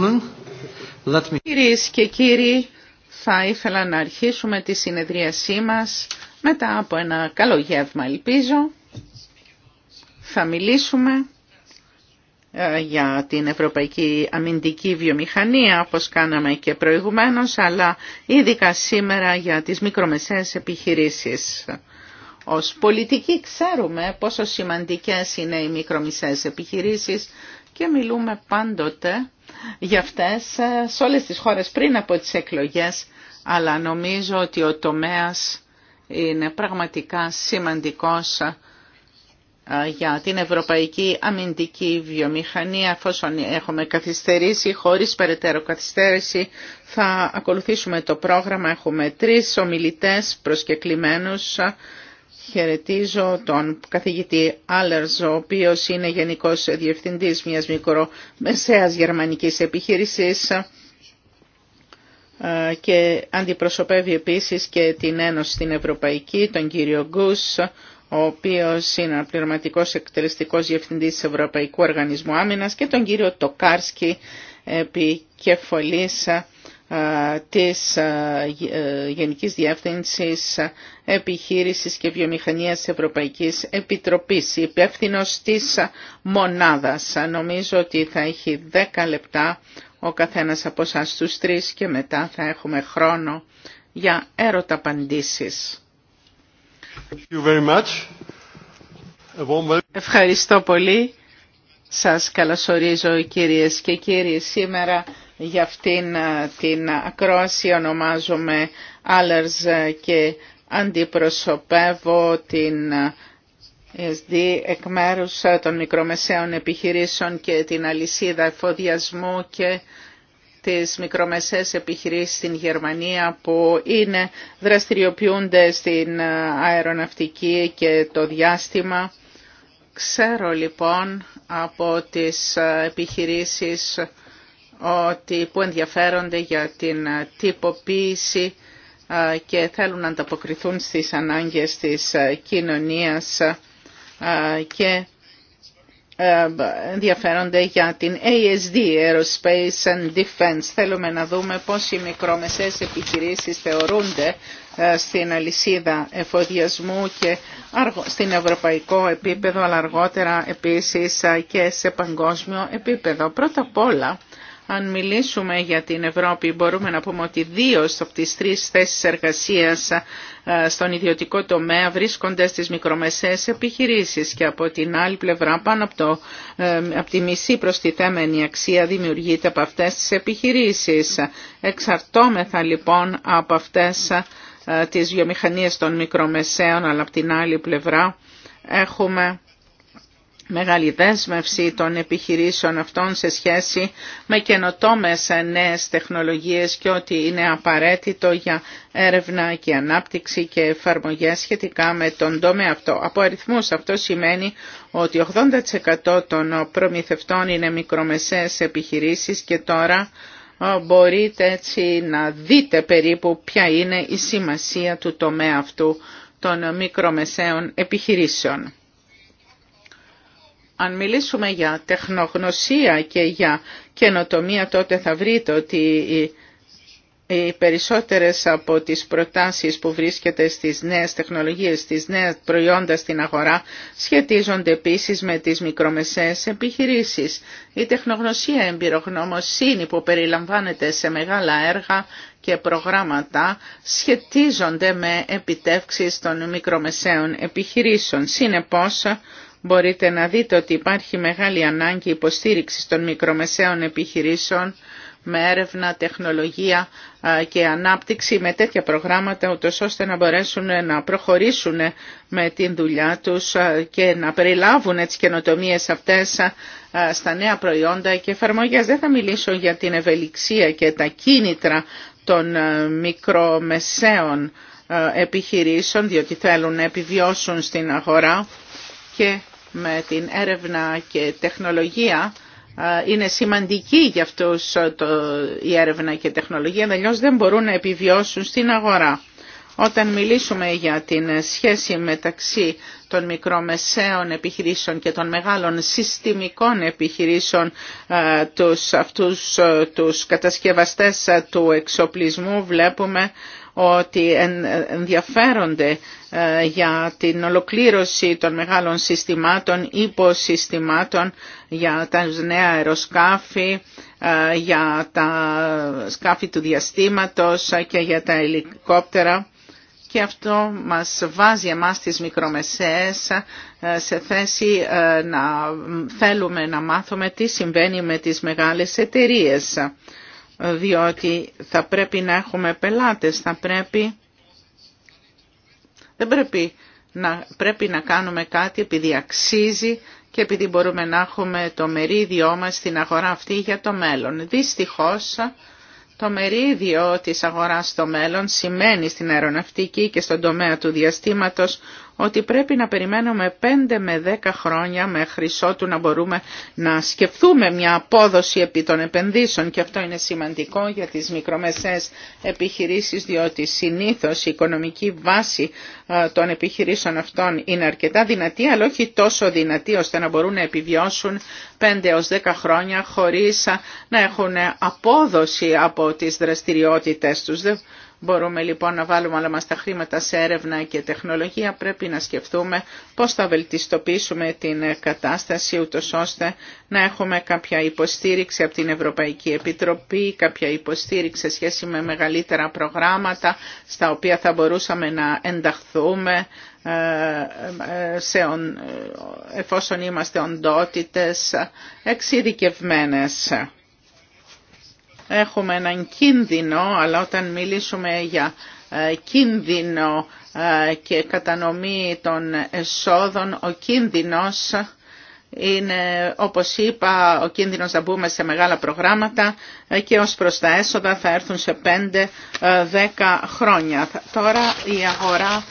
Uh, Κυρίες και κύριοι, θα ήθελα να αρχίσουμε τη συνεδρίασή μας μετά από ένα καλό γεύμα, ελπίζω. Θα μιλήσουμε ε, για την Ευρωπαϊκή Αμυντική Βιομηχανία, όπως κάναμε και προηγουμένως, αλλά ειδικά σήμερα για τις μικρομεσαίες επιχειρήσεις. Ως πολιτικοί ξέρουμε πόσο σημαντικές είναι οι μικρομισές επιχειρήσεις και μιλούμε πάντοτε για αυτές ε, σε όλες τις χώρες πριν από τις εκλογές, αλλά νομίζω ότι ο τομέας είναι πραγματικά σημαντικός ε, για την ευρωπαϊκή αμυντική βιομηχανία, εφόσον έχουμε καθυστερήσει, χωρίς περαιτέρω καθυστέρηση, θα ακολουθήσουμε το πρόγραμμα. Έχουμε τρεις ομιλητές προσκεκλημένους ε, Χαιρετίζω τον καθηγητή Άλλερς, ο οποίος είναι Γενικός Διευθυντής μιας μικρομεσαίας γερμανικής επιχείρησης ε, και αντιπροσωπεύει επίσης και την Ένωση στην Ευρωπαϊκή, τον κύριο Γκούς, ο οποίος είναι Πληρωματικός εκτελεστικός διευθυντής της Ευρωπαϊκού Οργανισμού Άμυνας και τον κύριο Τοκάρσκι, επικεφαλής της ε, ε, Γενικής Διεύθυνσης Επιχείρησης και Βιομηχανίας Ευρωπαϊκής Επιτροπής, υπεύθυνο της μονάδας. Νομίζω ότι θα έχει 10 λεπτά ο καθένας από εσά τους τρεις και μετά θα έχουμε χρόνο για έρωτα απαντήσεις. Ευχαριστώ πολύ. Σας καλωσορίζω κυρίες και κύριοι σήμερα για αυτήν ε, την ακρόαση. Ονομάζομαι Άλλερς και αντιπροσωπεύω την ε, SD εκ μέρου ε, των μικρομεσαίων επιχειρήσεων και την αλυσίδα εφοδιασμού και τις μικρομεσαίες επιχειρήσεις στην Γερμανία που είναι, δραστηριοποιούνται στην αεροναυτική και το διάστημα. Ξέρω λοιπόν από τις επιχειρήσεις ότι, που ενδιαφέρονται για την τυποποίηση και θέλουν να ανταποκριθούν στις ανάγκες της κοινωνίας και ε, ενδιαφέρονται για την ASD, Aerospace and Defense. Θέλουμε να δούμε πώς οι μικρομεσαίες επιχειρήσεις θεωρούνται ε, στην αλυσίδα εφοδιασμού και στην ευρωπαϊκό επίπεδο, αλλά αργότερα επίσης ε, και σε παγκόσμιο επίπεδο. Πρώτα απ' όλα αν μιλήσουμε για την Ευρώπη μπορούμε να πούμε ότι δύο από τις τρεις θέσεις εργασίας ε, στον ιδιωτικό τομέα βρίσκονται στις μικρομεσαίες επιχειρήσεις και από την άλλη πλευρά πάνω από, το, ε, από τη μισή προστιθέμενη αξία δημιουργείται από αυτές τις επιχειρήσεις. Εξαρτώμεθα λοιπόν από αυτές ε, τις βιομηχανίες των μικρομεσαίων αλλά από την άλλη πλευρά έχουμε μεγάλη δέσμευση των επιχειρήσεων αυτών σε σχέση με καινοτόμες νέες τεχνολογίες και ότι είναι απαραίτητο για έρευνα και ανάπτυξη και εφαρμογές σχετικά με τον τομέα αυτό. Από αριθμούς αυτό σημαίνει ότι 80% των προμηθευτών είναι μικρομεσαίες επιχειρήσεις και τώρα ε, μπορείτε έτσι να δείτε περίπου ποια είναι η σημασία του τομέα αυτού των μικρομεσαίων επιχειρήσεων αν μιλήσουμε για τεχνογνωσία και για καινοτομία, τότε θα βρείτε ότι οι περισσότερες από τις προτάσεις που βρίσκεται στις νέες τεχνολογίες, στις νέες προϊόντα στην αγορά σχετίζονται επίσης με τις μικρομεσαίες επιχειρήσεις. Η τεχνογνωσία εμπειρογνωμοσύνη που περιλαμβάνεται σε μεγάλα έργα και προγράμματα σχετίζονται με επιτεύξεις των μικρομεσαίων επιχειρήσεων. Συνεπώς, μπορείτε να δείτε ότι υπάρχει μεγάλη ανάγκη υποστήριξης των μικρομεσαίων επιχειρήσεων με έρευνα, τεχνολογία και ανάπτυξη με τέτοια προγράμματα, ούτως ώστε να μπορέσουν να προχωρήσουν με την δουλειά τους και να περιλάβουν τις καινοτομίες αυτές στα νέα προϊόντα και εφαρμογές. Δεν θα μιλήσω για την ευελιξία και τα κίνητρα των μικρομεσαίων επιχειρήσεων, διότι θέλουν να επιβιώσουν στην αγορά και με την έρευνα και τεχνολογία είναι σημαντική για αυτούς το, η έρευνα και τεχνολογία, αλλιώ δεν μπορούν να επιβιώσουν στην αγορά. Όταν μιλήσουμε για την σχέση μεταξύ των μικρομεσαίων επιχειρήσεων και των μεγάλων συστημικών επιχειρήσεων, τους, αυτούς τους κατασκευαστές του εξοπλισμού, βλέπουμε ότι ενδιαφέρονται ε, για την ολοκλήρωση των μεγάλων συστημάτων, υποσυστημάτων, για τα νέα αεροσκάφη, ε, για τα σκάφη του διαστήματος και για τα ελικόπτερα. Και αυτό μας βάζει εμάς τις μικρομεσαίες ε, σε θέση να θέλουμε να μάθουμε τι συμβαίνει με τις μεγάλες εταιρείες διότι θα πρέπει να έχουμε πελάτες, θα πρέπει... Δεν πρέπει να, πρέπει να κάνουμε κάτι επειδή αξίζει και επειδή μπορούμε να έχουμε το μερίδιό μας στην αγορά αυτή για το μέλλον. Δυστυχώς το μερίδιο της αγοράς στο μέλλον σημαίνει στην αεροναυτική και στον τομέα του διαστήματος ότι πρέπει να περιμένουμε 5 με 10 χρόνια μέχρι ότου να μπορούμε να σκεφτούμε μια απόδοση επί των επενδύσεων και αυτό είναι σημαντικό για τις μικρομεσαίες επιχειρήσεις διότι συνήθως η οικονομική βάση των επιχειρήσεων αυτών είναι αρκετά δυνατή αλλά όχι τόσο δυνατή ώστε να μπορούν να επιβιώσουν 5 έως 10 χρόνια χωρίς να έχουν απόδοση από τις δραστηριότητες τους. Μπορούμε λοιπόν να βάλουμε όλα μας τα χρήματα σε έρευνα και τεχνολογία. Πρέπει να σκεφτούμε πώς θα βελτιστοποιήσουμε την κατάσταση ούτως ώστε να έχουμε κάποια υποστήριξη από την Ευρωπαϊκή Επιτροπή, κάποια υποστήριξη σε σχέση με μεγαλύτερα προγράμματα στα οποία θα μπορούσαμε να ενταχθούμε ε, ε, σε, ε, εφόσον είμαστε οντότητες εξειδικευμένες έχουμε έναν κίνδυνο, αλλά όταν μιλήσουμε για ε, κίνδυνο ε, και κατανομή των εσόδων, ο κίνδυνος είναι, όπως είπα, ο κίνδυνος να μπούμε σε μεγάλα προγράμματα ε, και ως προς τα έσοδα θα έρθουν σε 5-10 χρόνια. Τώρα η αγορά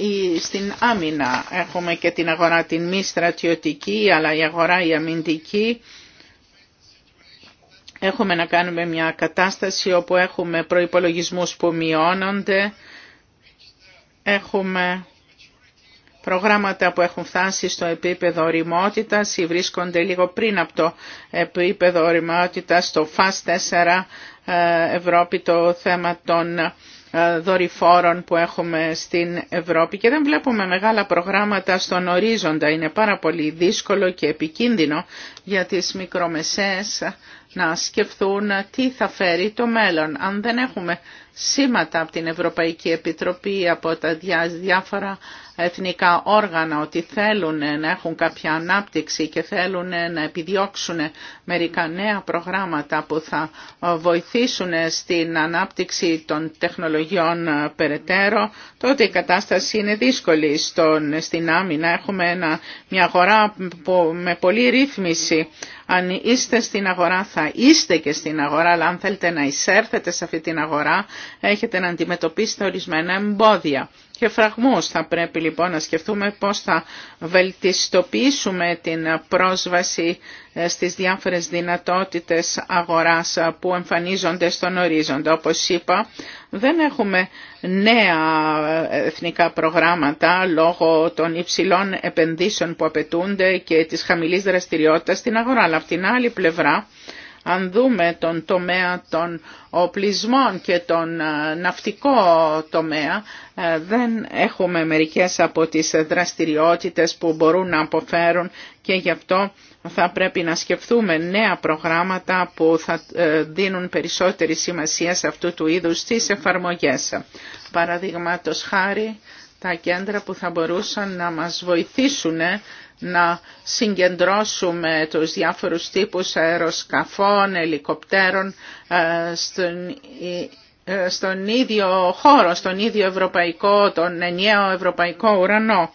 η, στην άμυνα. Έχουμε και την αγορά την μη στρατιωτική, αλλά η αγορά η αμυντική Έχουμε να κάνουμε μια κατάσταση όπου έχουμε προϋπολογισμούς που μειώνονται, έχουμε προγράμματα που έχουν φτάσει στο επίπεδο οριμότητας ή βρίσκονται λίγο πριν από το επίπεδο οριμότητας στο FAS 4 Ευρώπη το θέμα των ε, δορυφόρων που έχουμε στην Ευρώπη και δεν βλέπουμε μεγάλα προγράμματα στον ορίζοντα. Είναι πάρα πολύ δύσκολο και επικίνδυνο για τις μικρομεσαίες να σκεφτούν τι θα φέρει το μέλλον. Αν δεν έχουμε σήματα από την Ευρωπαϊκή Επιτροπή, από τα διάφορα εθνικά όργανα ότι θέλουν να έχουν κάποια ανάπτυξη και θέλουν να επιδιώξουν μερικά νέα προγράμματα που θα βοηθήσουν στην ανάπτυξη των τεχνολογιών περαιτέρω, τότε η κατάσταση είναι δύσκολη στον, στην άμυνα. Έχουμε ένα, μια αγορά με πολλή ρύθμιση αν είστε στην αγορά θα είστε και στην αγορά, αλλά αν θέλετε να εισέρθετε σε αυτή την αγορά έχετε να αντιμετωπίσετε ορισμένα εμπόδια και φραγμούς. Θα πρέπει λοιπόν να σκεφτούμε πώς θα βελτιστοποιήσουμε την πρόσβαση ε, στις διάφορες δυνατότητες αγοράς ε, που εμφανίζονται στον ορίζοντα. Όπως είπα, δεν έχουμε νέα ε, εθνικά προγράμματα λόγω των υψηλών επενδύσεων που απαιτούνται και της χαμηλής δραστηριότητας στην αγορά. Αλλά από την άλλη πλευρά αν δούμε τον τομέα των οπλισμών και τον ε, ναυτικό τομέα, ε, δεν έχουμε μερικές από τις δραστηριότητες που μπορούν να αποφέρουν και γι' αυτό θα πρέπει να σκεφτούμε νέα προγράμματα που θα ε, δίνουν περισσότερη σημασία σε αυτού του είδους τις εφαρμογές. Παραδείγματος χάρη, τα κέντρα που θα μπορούσαν να μας βοηθήσουν να συγκεντρώσουμε τους διάφορους τύπους αεροσκαφών, ελικοπτέρων ε, ε, στον, ίδιο χώρο, στον ίδιο ευρωπαϊκό, τον ενιαίο ευρωπαϊκό ουρανό.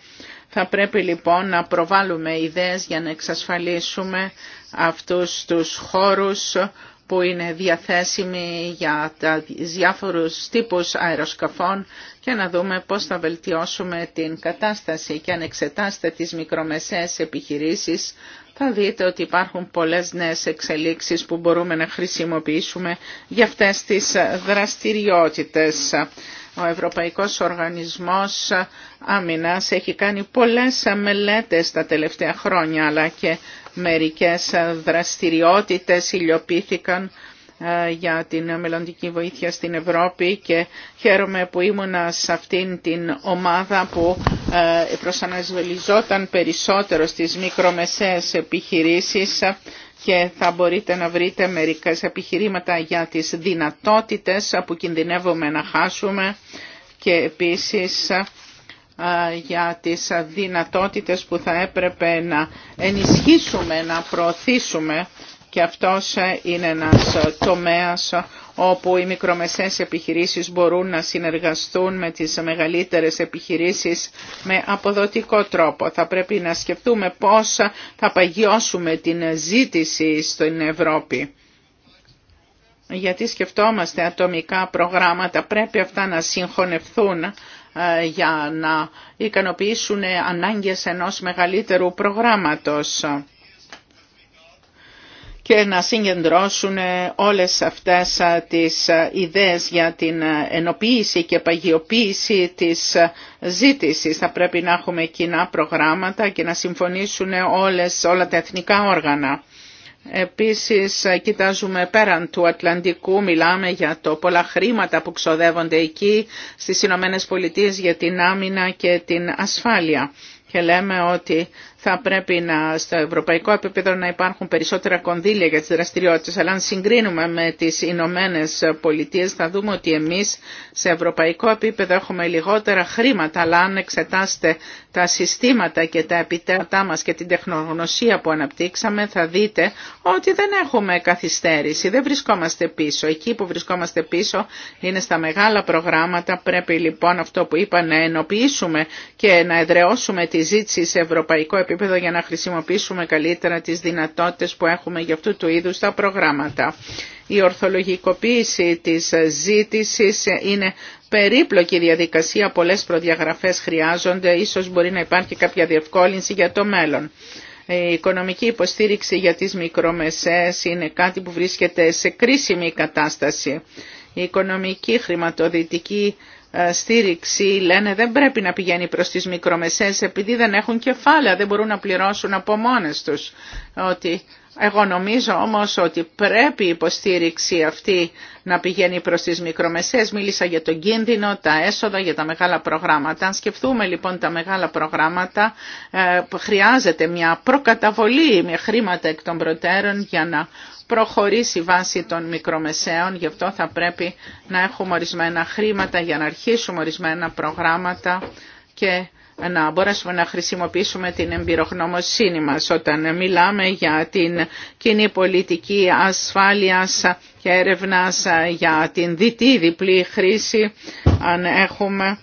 Θα πρέπει λοιπόν να προβάλλουμε ιδέες για να εξασφαλίσουμε αυτούς τους χώρους που είναι διαθέσιμη για τα διάφορους τύπους αεροσκαφών και να δούμε πώς θα βελτιώσουμε την κατάσταση και αν εξετάστε τις μικρομεσαίες επιχειρήσεις θα δείτε ότι υπάρχουν πολλές νέες εξελίξεις που μπορούμε να χρησιμοποιήσουμε για αυτές τις δραστηριότητες. Ο Ευρωπαϊκός Οργανισμός Άμυνας έχει κάνει πολλές μελέτες τα τελευταία χρόνια, αλλά και μερικές δραστηριότητες υλιοποιήθηκαν ε, για την μελλοντική βοήθεια στην Ευρώπη και χαίρομαι που ήμουνα σε αυτήν την ομάδα που ε, προσανασβελιζόταν περισσότερο στις μικρομεσαίες επιχειρήσεις και θα μπορείτε να βρείτε μερικά επιχειρήματα για τις δυνατότητες που κινδυνεύουμε να χάσουμε και επίσης ε, για τις δυνατότητες που θα έπρεπε να ενισχύσουμε, να προωθήσουμε και αυτός ε, είναι ένας ε, τομέας ε, όπου οι μικρομεσαίες επιχειρήσεις μπορούν να συνεργαστούν με τις μεγαλύτερες επιχειρήσεις με αποδοτικό τρόπο. Θα πρέπει να σκεφτούμε πώς θα παγιώσουμε την ζήτηση στην Ευρώπη. Γιατί σκεφτόμαστε ατομικά προγράμματα, πρέπει αυτά να συγχωνευθούν για να ικανοποιήσουν ανάγκες ενός μεγαλύτερου προγράμματος και να συγκεντρώσουν όλες αυτές τις ιδέες για την ενοποίηση και παγιοποίηση της ζήτησης. Θα πρέπει να έχουμε κοινά προγράμματα και να συμφωνήσουν όλες, όλα τα εθνικά όργανα. Επίσης, κοιτάζουμε πέραν του Ατλαντικού, μιλάμε για το πολλά χρήματα που ξοδεύονται εκεί στις Ηνωμένε για την άμυνα και την ασφάλεια. Και λέμε ότι θα πρέπει να, στο ευρωπαϊκό επίπεδο να υπάρχουν περισσότερα κονδύλια για τις δραστηριότητες. Αλλά αν συγκρίνουμε με τις Ηνωμένε Πολιτείε, θα δούμε ότι εμείς σε ευρωπαϊκό επίπεδο έχουμε λιγότερα χρήματα. Αλλά αν εξετάσετε τα συστήματα και τα επιτέρατά μας και την τεχνογνωσία που αναπτύξαμε, θα δείτε ότι δεν έχουμε καθυστέρηση, δεν βρισκόμαστε πίσω. Εκεί που βρισκόμαστε πίσω είναι στα μεγάλα προγράμματα. Πρέπει λοιπόν αυτό που είπα να ενοποιήσουμε και να εδραιώσουμε τη ζήτηση σε ευρωπαϊκό επίπεδο επίπεδο για να χρησιμοποιήσουμε καλύτερα τις δυνατότητες που έχουμε για αυτού του είδους τα προγράμματα. Η ορθολογικοποίηση της ζήτησης είναι περίπλοκη διαδικασία, πολλές προδιαγραφές χρειάζονται, ίσως μπορεί να υπάρχει κάποια διευκόλυνση για το μέλλον. Η οικονομική υποστήριξη για τις μικρομεσαίες είναι κάτι που βρίσκεται σε κρίσιμη κατάσταση. Η οικονομική χρηματοδυτική ε, στήριξη λένε δεν πρέπει να πηγαίνει προς τις μικρομεσές επειδή δεν έχουν κεφάλαια, δεν μπορούν να πληρώσουν από μόνες τους. Ότι εγώ νομίζω όμως ότι πρέπει η υποστήριξη αυτή να πηγαίνει προς τις μικρομεσαίες. Μίλησα για τον κίνδυνο, τα έσοδα, για τα μεγάλα προγράμματα. Αν σκεφτούμε λοιπόν τα μεγάλα προγράμματα, ε, χρειάζεται μια προκαταβολή, με χρήματα εκ των προτέρων για να προχωρήσει η βάση των μικρομεσαίων. Γι' αυτό θα πρέπει να έχουμε ορισμένα χρήματα για να αρχίσουμε ορισμένα προγράμματα και να μπορέσουμε να χρησιμοποιήσουμε την εμπειρογνωμοσύνη μας όταν μιλάμε για την κοινή πολιτική ασφάλειας και έρευνας για την διτή διπλή χρήση αν έχουμε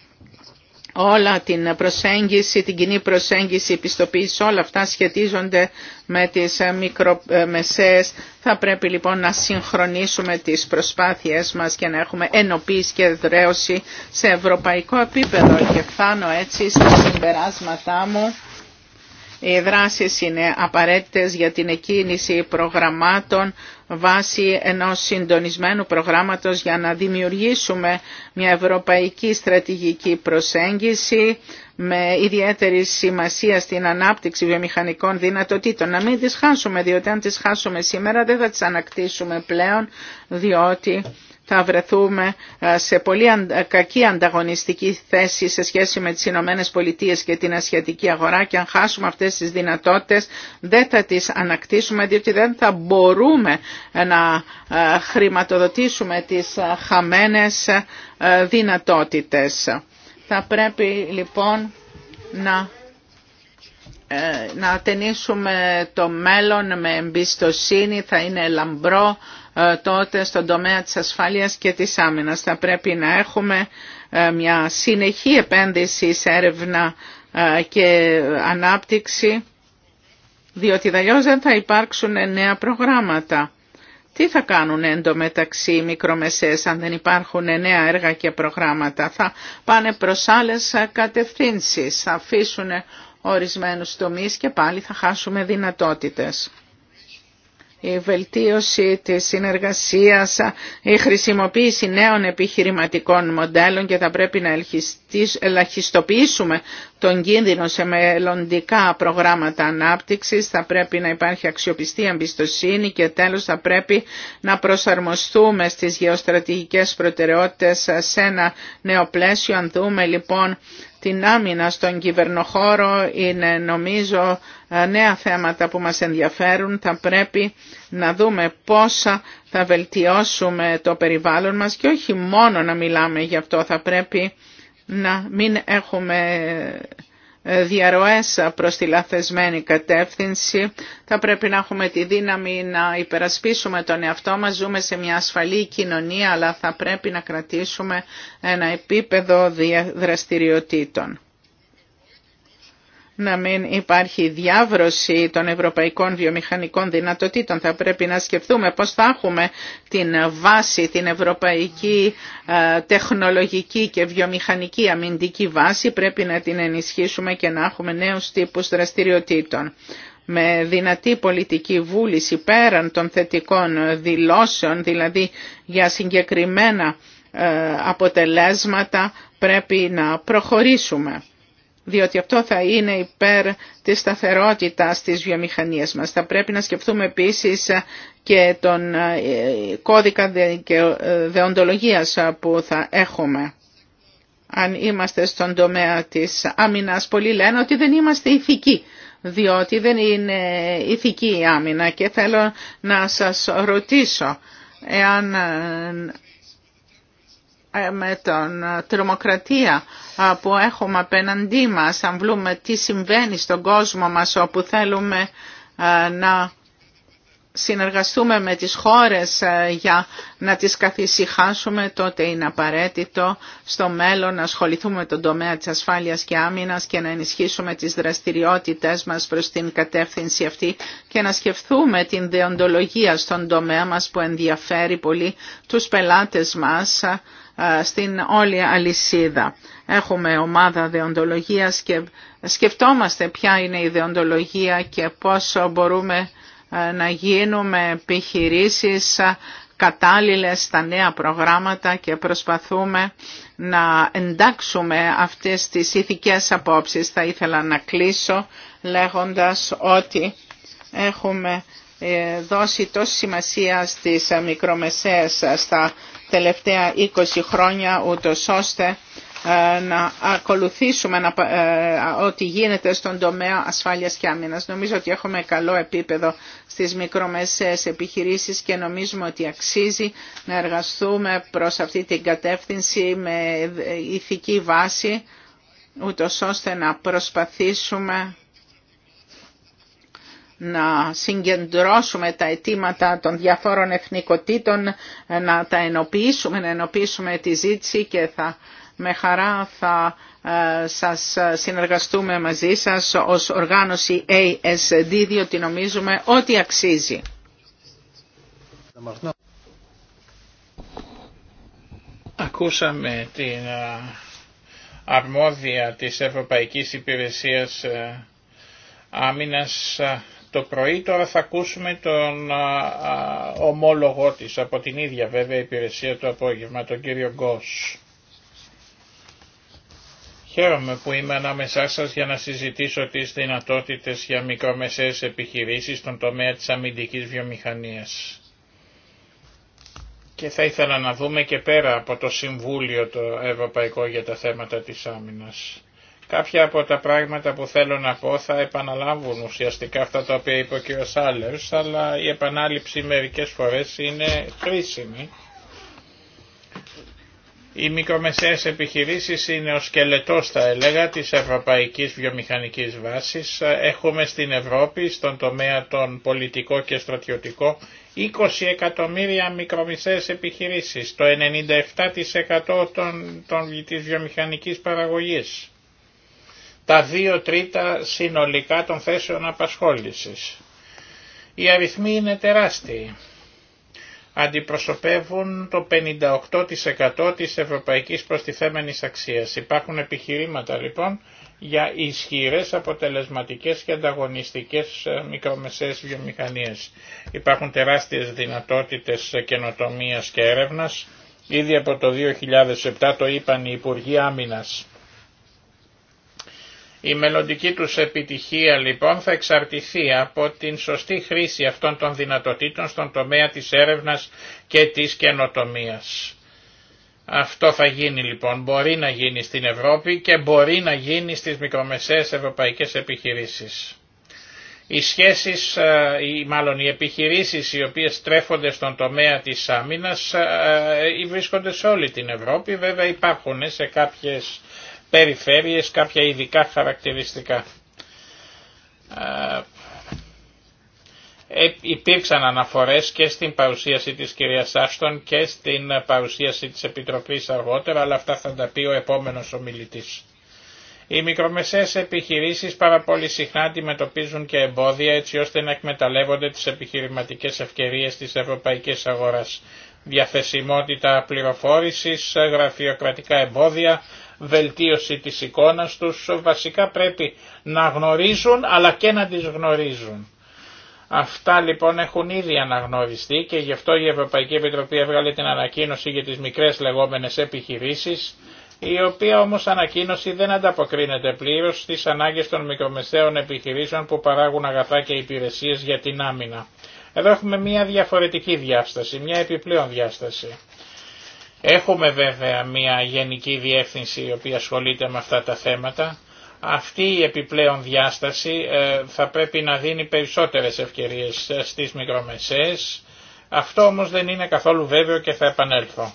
όλα την προσέγγιση, την κοινή προσέγγιση επιστοποίηση, όλα αυτά σχετίζονται με τις ε, μικρομεσαίες. Ε, Θα πρέπει λοιπόν να συγχρονίσουμε τις προσπάθειές μας και να έχουμε ενοποίηση και δρέωση σε ευρωπαϊκό επίπεδο και φτάνω έτσι στα συμπεράσματά μου. Οι δράσεις είναι απαραίτητες για την εκκίνηση προγραμμάτων βάσει ενός συντονισμένου προγράμματος για να δημιουργήσουμε μια ευρωπαϊκή στρατηγική προσέγγιση με ιδιαίτερη σημασία στην ανάπτυξη βιομηχανικών δυνατοτήτων. Να μην τις χάσουμε, διότι αν τις χάσουμε σήμερα δεν θα τις ανακτήσουμε πλέον, διότι θα βρεθούμε ε, σε πολύ ε, κακή ανταγωνιστική θέση σε σχέση με τις Ηνωμένε Πολιτείε και την ασιατική αγορά και αν χάσουμε αυτές τις δυνατότητες δεν θα τις ανακτήσουμε διότι δεν θα μπορούμε ε, να χρηματοδοτήσουμε τις χαμένες δυνατότητες. Θα πρέπει λοιπόν να να ταινίσουμε το μέλλον με εμπιστοσύνη, θα είναι λαμπρό ε, τότε στον τομέα της ασφάλειας και της άμυνας. Θα πρέπει να έχουμε ε, μια συνεχή επένδυση σε έρευνα ε, και ανάπτυξη, διότι δεν θα υπάρξουν νέα προγράμματα. Τι θα κάνουν εντωμεταξύ οι μικρομεσαίες αν δεν υπάρχουν νέα έργα και προγράμματα. Θα πάνε προς άλλες κατευθύνσεις, θα αφήσουν ορισμένους τομείς και πάλι θα χάσουμε δυνατότητες η βελτίωση της συνεργασίας, η χρησιμοποίηση νέων επιχειρηματικών μοντέλων και θα πρέπει να ελαχιστοποιήσουμε τον κίνδυνο σε μελλοντικά προγράμματα ανάπτυξης, θα πρέπει να υπάρχει αξιοπιστή εμπιστοσύνη και τέλος θα πρέπει να προσαρμοστούμε στις γεωστρατηγικές προτεραιότητες σε ένα νέο πλαίσιο. Αν δούμε λοιπόν την άμυνα στον κυβερνοχώρο είναι νομίζω ε, νέα θέματα που μας ενδιαφέρουν. Θα πρέπει να δούμε πόσα θα βελτιώσουμε το περιβάλλον μας και όχι μόνο να μιλάμε γι' αυτό. Θα πρέπει να μην έχουμε ε, διαρροές προς τη λαθεσμένη κατεύθυνση. Θα πρέπει να έχουμε τη δύναμη να υπερασπίσουμε τον εαυτό μας. Ζούμε σε μια ασφαλή κοινωνία, αλλά θα πρέπει να κρατήσουμε ένα επίπεδο δραστηριοτήτων να μην υπάρχει διάβρωση των ευρωπαϊκών βιομηχανικών δυνατοτήτων. Θα πρέπει να σκεφτούμε πώς θα έχουμε την βάση, την ευρωπαϊκή ε, τεχνολογική και βιομηχανική αμυντική βάση. Πρέπει να την ενισχύσουμε και να έχουμε νέους τύπους δραστηριοτήτων. Με δυνατή πολιτική βούληση πέραν των θετικών δηλώσεων, δηλαδή για συγκεκριμένα ε, αποτελέσματα, πρέπει να προχωρήσουμε διότι αυτό θα είναι υπέρ της σταθερότητας της βιομηχανίας μας. Θα πρέπει να σκεφτούμε επίσης και τον ε, κώδικα ε, δεοντολογίας που θα έχουμε. Αν είμαστε στον τομέα της άμυνας, πολλοί λένε ότι δεν είμαστε ηθικοί, διότι δεν είναι ηθική η άμυνα και θέλω να σας ρωτήσω εάν ε, ε, με την ε, τρομοκρατία ε, που έχουμε απέναντί μας, αν βλούμε τι συμβαίνει στον κόσμο μας όπου θέλουμε να συνεργαστούμε με τις χώρες για να τις καθησυχάσουμε, τότε είναι απαραίτητο στο μέλλον να ασχοληθούμε με τον τομέα της ασφάλειας και άμυνας και να ενισχύσουμε τις δραστηριότητες μας προς την κατεύθυνση αυτή και να σκεφτούμε την δεοντολογία στον τομέα μας που ενδιαφέρει πολύ τους πελάτες μας ε, στην όλη αλυσίδα. Έχουμε ομάδα δεοντολογίας και σκεφτόμαστε ποια είναι η δεοντολογία και πόσο μπορούμε ε, να γίνουμε επιχειρήσει ε, κατάλληλες στα νέα προγράμματα και προσπαθούμε να εντάξουμε αυτές τις ηθικές απόψεις. Θα ήθελα να κλείσω λέγοντας ότι έχουμε δώσει τόση σημασία στις μικρομεσαίες στα τελευταία 20 χρόνια ούτως ώστε ε, να ακολουθήσουμε ε, ό,τι γίνεται στον τομέα ασφάλειας και άμυνας. Νομίζω ότι έχουμε καλό επίπεδο στις μικρομεσαίες επιχειρήσεις και νομίζουμε ότι αξίζει να εργαστούμε προς αυτή την κατεύθυνση με ηθική βάση, ούτως ώστε να προσπαθήσουμε να συγκεντρώσουμε τα αιτήματα των διαφόρων εθνικοτήτων, να τα ενοποιήσουμε, να ενοποιήσουμε τη ζήτηση και θα, με χαρά θα ε, σας συνεργαστούμε μαζί σας ως οργάνωση ASD, διότι νομίζουμε ότι αξίζει. Ακούσαμε την ε, αρμόδια της Ευρωπαϊκής Υπηρεσίας ε, Άμυνας το πρωί τώρα θα ακούσουμε τον ομόλογό της από την ίδια βέβαια υπηρεσία το απόγευμα, τον κύριο Γκος. Χαίρομαι που είμαι ανάμεσά σας για να συζητήσω τις δυνατότητες για μικρομεσαίες επιχειρήσεις στον τομέα της αμυντικής βιομηχανίας. Και θα ήθελα να δούμε και πέρα από το Συμβούλιο το Ευρωπαϊκό για τα θέματα της άμυνας. Κάποια από τα πράγματα που θέλω να πω θα επαναλάβουν ουσιαστικά αυτά τα οποία είπε ο κ. Σάλερς, αλλά η επανάληψη μερικές φορές είναι χρήσιμη. Οι μικρομεσαίες επιχειρήσεις είναι ο σκελετός, θα έλεγα, της ευρωπαϊκής βιομηχανικής βάσης. Έχουμε στην Ευρώπη, στον τομέα των πολιτικό και στρατιωτικό, 20 εκατομμύρια μικρομεσαίες επιχειρήσεις, το 97% των, των, της βιομηχανικής παραγωγής τα δύο τρίτα συνολικά των θέσεων απασχόλησης. Οι αριθμοί είναι τεράστιοι. Αντιπροσωπεύουν το 58% της ευρωπαϊκής προστιθέμενης αξίας. Υπάρχουν επιχειρήματα λοιπόν για ισχυρές, αποτελεσματικές και ανταγωνιστικές ε, μικρομεσαίες βιομηχανίες. Υπάρχουν τεράστιες δυνατότητες καινοτομίας και έρευνας. Ήδη από το 2007 το είπαν οι Υπουργοί Άμυνας η μελλοντική τους επιτυχία λοιπόν θα εξαρτηθεί από την σωστή χρήση αυτών των δυνατοτήτων στον τομέα της έρευνας και της καινοτομίας. Αυτό θα γίνει λοιπόν, μπορεί να γίνει στην Ευρώπη και μπορεί να γίνει στις μικρομεσαίες ευρωπαϊκές επιχειρήσεις. Οι σχέσεις, ε, μάλλον οι επιχειρήσεις οι οποίες στρέφονται στον τομέα της άμυνας ε, ε, βρίσκονται σε όλη την Ευρώπη, βέβαια υπάρχουν σε κάποιες περιφέρειες κάποια ειδικά χαρακτηριστικά. Ε, ε, υπήρξαν αναφορές και στην παρουσίαση της κυρίας Άστον και στην παρουσίαση της Επιτροπής αργότερα, αλλά αυτά θα τα πει ο επόμενος ομιλητής. Οι μικρομεσαίες επιχειρήσεις πάρα πολύ συχνά αντιμετωπίζουν και εμπόδια έτσι ώστε να εκμεταλλεύονται τις επιχειρηματικές ευκαιρίες της ευρωπαϊκής αγοράς διαθεσιμότητα πληροφόρησης, γραφειοκρατικά εμπόδια, βελτίωση της εικόνας τους. Βασικά πρέπει να γνωρίζουν αλλά και να τις γνωρίζουν. Αυτά λοιπόν έχουν ήδη αναγνωριστεί και γι' αυτό η Ευρωπαϊκή Επιτροπή έβγαλε την ανακοίνωση για τις μικρές λεγόμενες επιχειρήσεις, η οποία όμως ανακοίνωση δεν ανταποκρίνεται πλήρως στις ανάγκες των μικρομεσαίων επιχειρήσεων που παράγουν αγαθά και υπηρεσίες για την άμυνα. Εδώ έχουμε μια διαφορετική διάσταση, μια επιπλέον διάσταση. Έχουμε βέβαια μια γενική διεύθυνση η οποία ασχολείται με αυτά τα θέματα. Αυτή η επιπλέον διάσταση ε, θα πρέπει να δίνει περισσότερες ευκαιρίες ε, στις μικρομεσαίες. Αυτό όμως δεν είναι καθόλου βέβαιο και θα επανέλθω.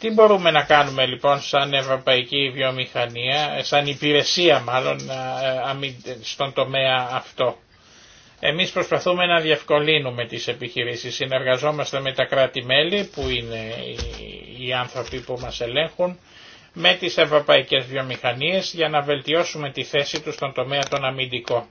Τι μπορούμε να κάνουμε λοιπόν σαν ευρωπαϊκή βιομηχανία, ε, σαν υπηρεσία μάλλον στον τομέα αυτό. Εμείς προσπαθούμε να διευκολύνουμε τις επιχειρήσεις. Συνεργαζόμαστε με τα κράτη-μέλη που είναι οι άνθρωποι που μας ελέγχουν με τις ευρωπαϊκές βιομηχανίες για να βελτιώσουμε τη θέση τους στον τομέα τον αμυντικό.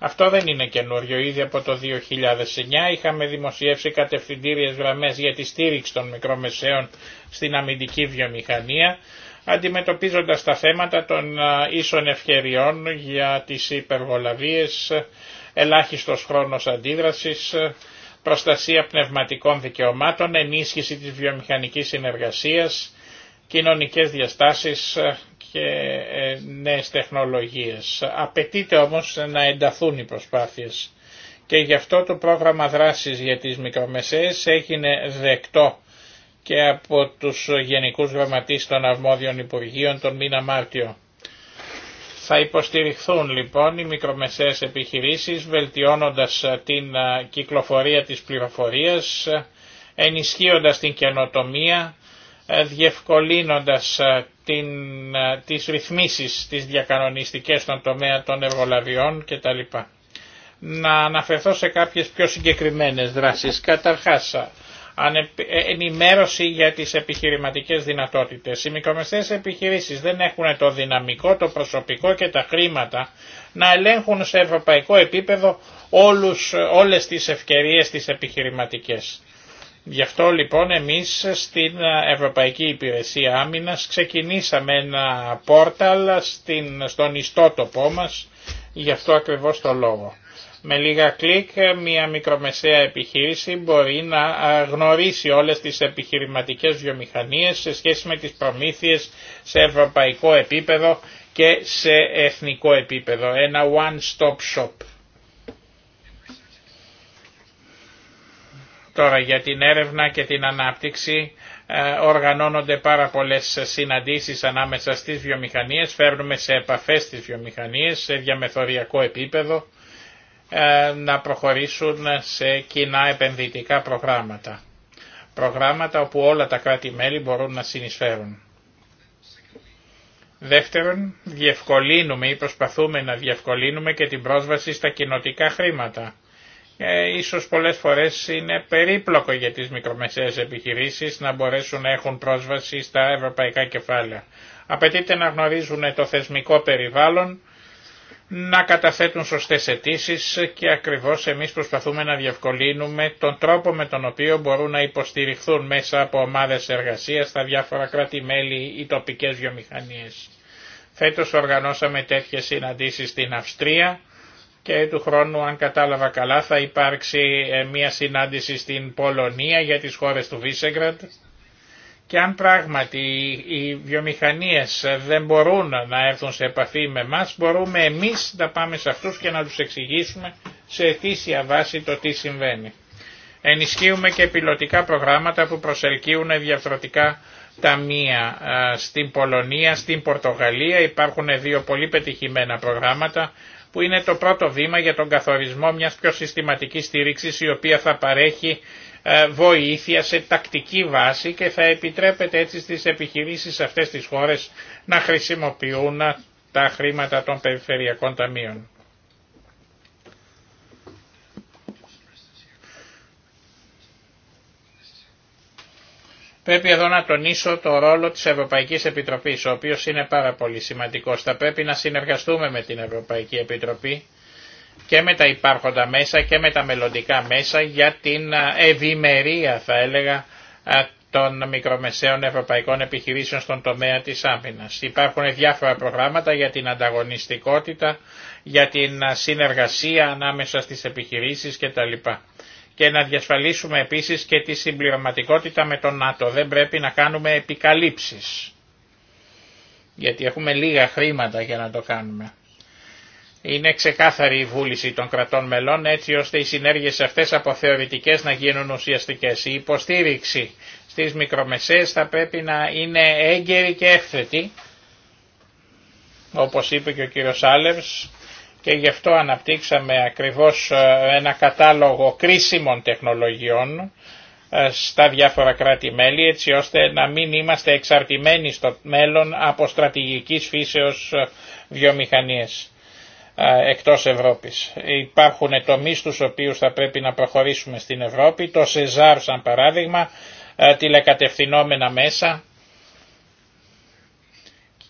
Αυτό δεν είναι καινούριο. Ήδη από το 2009 είχαμε δημοσιεύσει κατευθυντήριες γραμμές για τη στήριξη των μικρομεσαίων στην αμυντική βιομηχανία αντιμετωπίζοντας τα θέματα των ίσων ευκαιριών για τις υπεργολαβίες ελάχιστος χρόνος αντίδρασης, προστασία πνευματικών δικαιωμάτων, ενίσχυση της βιομηχανικής συνεργασίας, κοινωνικές διαστάσεις και ε, νέες τεχνολογίες. Απαιτείται όμως να ενταθούν οι προσπάθειες και γι' αυτό το πρόγραμμα δράσης για τις μικρομεσαίες έγινε δεκτό και από τους Γενικούς Γραμματείς των Αρμόδιων Υπουργείων τον μήνα Μάρτιο. Θα υποστηριχθούν λοιπόν οι μικρομεσαίες επιχειρήσεις βελτιώνοντας ε, την ε, κυκλοφορία της πληροφορίας, ε, ενισχύοντας την καινοτομία, διευκολύνοντας την, τις ρυθμίσεις, τις διακανονιστικές στον τομέα των εργολαβιών κτλ. Να αναφερθώ σε κάποιες πιο συγκεκριμένες δράσεις. Καταρχάς, ε, ενημέρωση για τις επιχειρηματικές δυνατότητες. Οι μικρομεσαίες επιχειρήσεις δεν έχουν το δυναμικό, το προσωπικό και τα χρήματα να ελέγχουν σε ευρωπαϊκό επίπεδο όλους, όλες τις ευκαιρίες τις επιχειρηματικές. Γι' αυτό λοιπόν εμείς στην Ευρωπαϊκή Υπηρεσία Άμυνας ξεκινήσαμε ένα πόρταλ στον ιστότοπό μας, γι' αυτό ακριβώς το λόγο. Με λίγα κλικ μια μικρομεσαία επιχείρηση μπορεί να γνωρίσει όλες τις επιχειρηματικές βιομηχανίες σε σχέση με τις προμήθειες σε ευρωπαϊκό επίπεδο και σε εθνικό επίπεδο. Ένα one-stop shop. Τώρα για την έρευνα και την ανάπτυξη οργανώνονται πάρα πολλές συναντήσεις ανάμεσα στις βιομηχανίες, φέρνουμε σε επαφές τις βιομηχανίες σε διαμεθοριακό επίπεδο ε, να προχωρήσουν σε κοινά επενδυτικά προγράμματα. Προγράμματα όπου όλα τα κράτη-μέλη μπορούν να συνεισφέρουν. Δεύτερον, διευκολύνουμε ή προσπαθούμε να διευκολύνουμε και την πρόσβαση στα κοινοτικά χρήματα. Ε, ίσως πολλές φορές είναι περίπλοκο για τις μικρομεσαίες επιχειρήσεις να μπορέσουν να έχουν πρόσβαση στα ευρωπαϊκά κεφάλαια. Απαιτείται να γνωρίζουν το θεσμικό περιβάλλον, να καταθέτουν σωστές αιτήσει και ακριβώς εμείς προσπαθούμε να διευκολύνουμε τον τρόπο με τον οποίο μπορούν να υποστηριχθούν μέσα από ομάδες εργασίας στα διάφορα κράτη-μέλη ή τοπικές βιομηχανίες. Φέτος οργανώσαμε τέτοιες συναντήσεις στην Αυστρία και του χρόνου αν κατάλαβα καλά θα υπάρξει ε, μια συνάντηση στην Πολωνία για τις χώρες του Βίσεγκραντ και αν πράγματι οι βιομηχανίες δεν μπορούν να έρθουν σε επαφή με μας, μπορούμε εμείς να πάμε σε αυτούς και να τους εξηγήσουμε σε αιτήσια βάση το τι συμβαίνει. Ενισχύουμε και πιλωτικά προγράμματα που προσελκύουν διαφορετικά ταμεία στην Πολωνία, στην Πορτογαλία. Υπάρχουν δύο πολύ πετυχημένα προγράμματα που είναι το πρώτο βήμα για τον καθορισμό μιας πιο συστηματικής στήριξης η οποία θα παρέχει ε, βοήθεια σε τακτική βάση και θα επιτρέπεται έτσι στις επιχειρήσεις αυτές τις χώρες να χρησιμοποιούν τα χρήματα των περιφερειακών ταμείων. Πρέπει εδώ να τονίσω το ρόλο της Ευρωπαϊκής Επιτροπής, ο οποίος είναι πάρα πολύ σημαντικός. Θα πρέπει να συνεργαστούμε με την Ευρωπαϊκή Επιτροπή και με τα υπάρχοντα μέσα και με τα μελλοντικά μέσα για την ευημερία θα έλεγα των μικρομεσαίων ευρωπαϊκών επιχειρήσεων στον τομέα της άμυνας. Υπάρχουν διάφορα προγράμματα για την ανταγωνιστικότητα, για την συνεργασία ανάμεσα στις επιχειρήσεις κτλ. Και να διασφαλίσουμε επίσης και τη συμπληρωματικότητα με τον ΝΑΤΟ. Δεν πρέπει να κάνουμε επικαλύψεις. Γιατί έχουμε λίγα χρήματα για να το κάνουμε. Είναι ξεκάθαρη η βούληση των κρατών μελών έτσι ώστε οι συνέργειες αυτές από να γίνουν ουσιαστικές. Η υποστήριξη στις μικρομεσαίες θα πρέπει να είναι έγκαιρη και εύθετη, όπως είπε και ο κύριος Άλευς, και γι' αυτό αναπτύξαμε ακριβώς ε, ένα κατάλογο κρίσιμων τεχνολογιών ε, στα διάφορα κράτη-μέλη έτσι ώστε να μην είμαστε εξαρτημένοι στο μέλλον από στρατηγικής φύσεως ε, βιομηχανίες εκτός Ευρώπης. Υπάρχουν τομείς τους οποίους θα πρέπει να προχωρήσουμε στην Ευρώπη, το ΣΕΖΑΡ σαν παράδειγμα, τηλεκατευθυνόμενα μέσα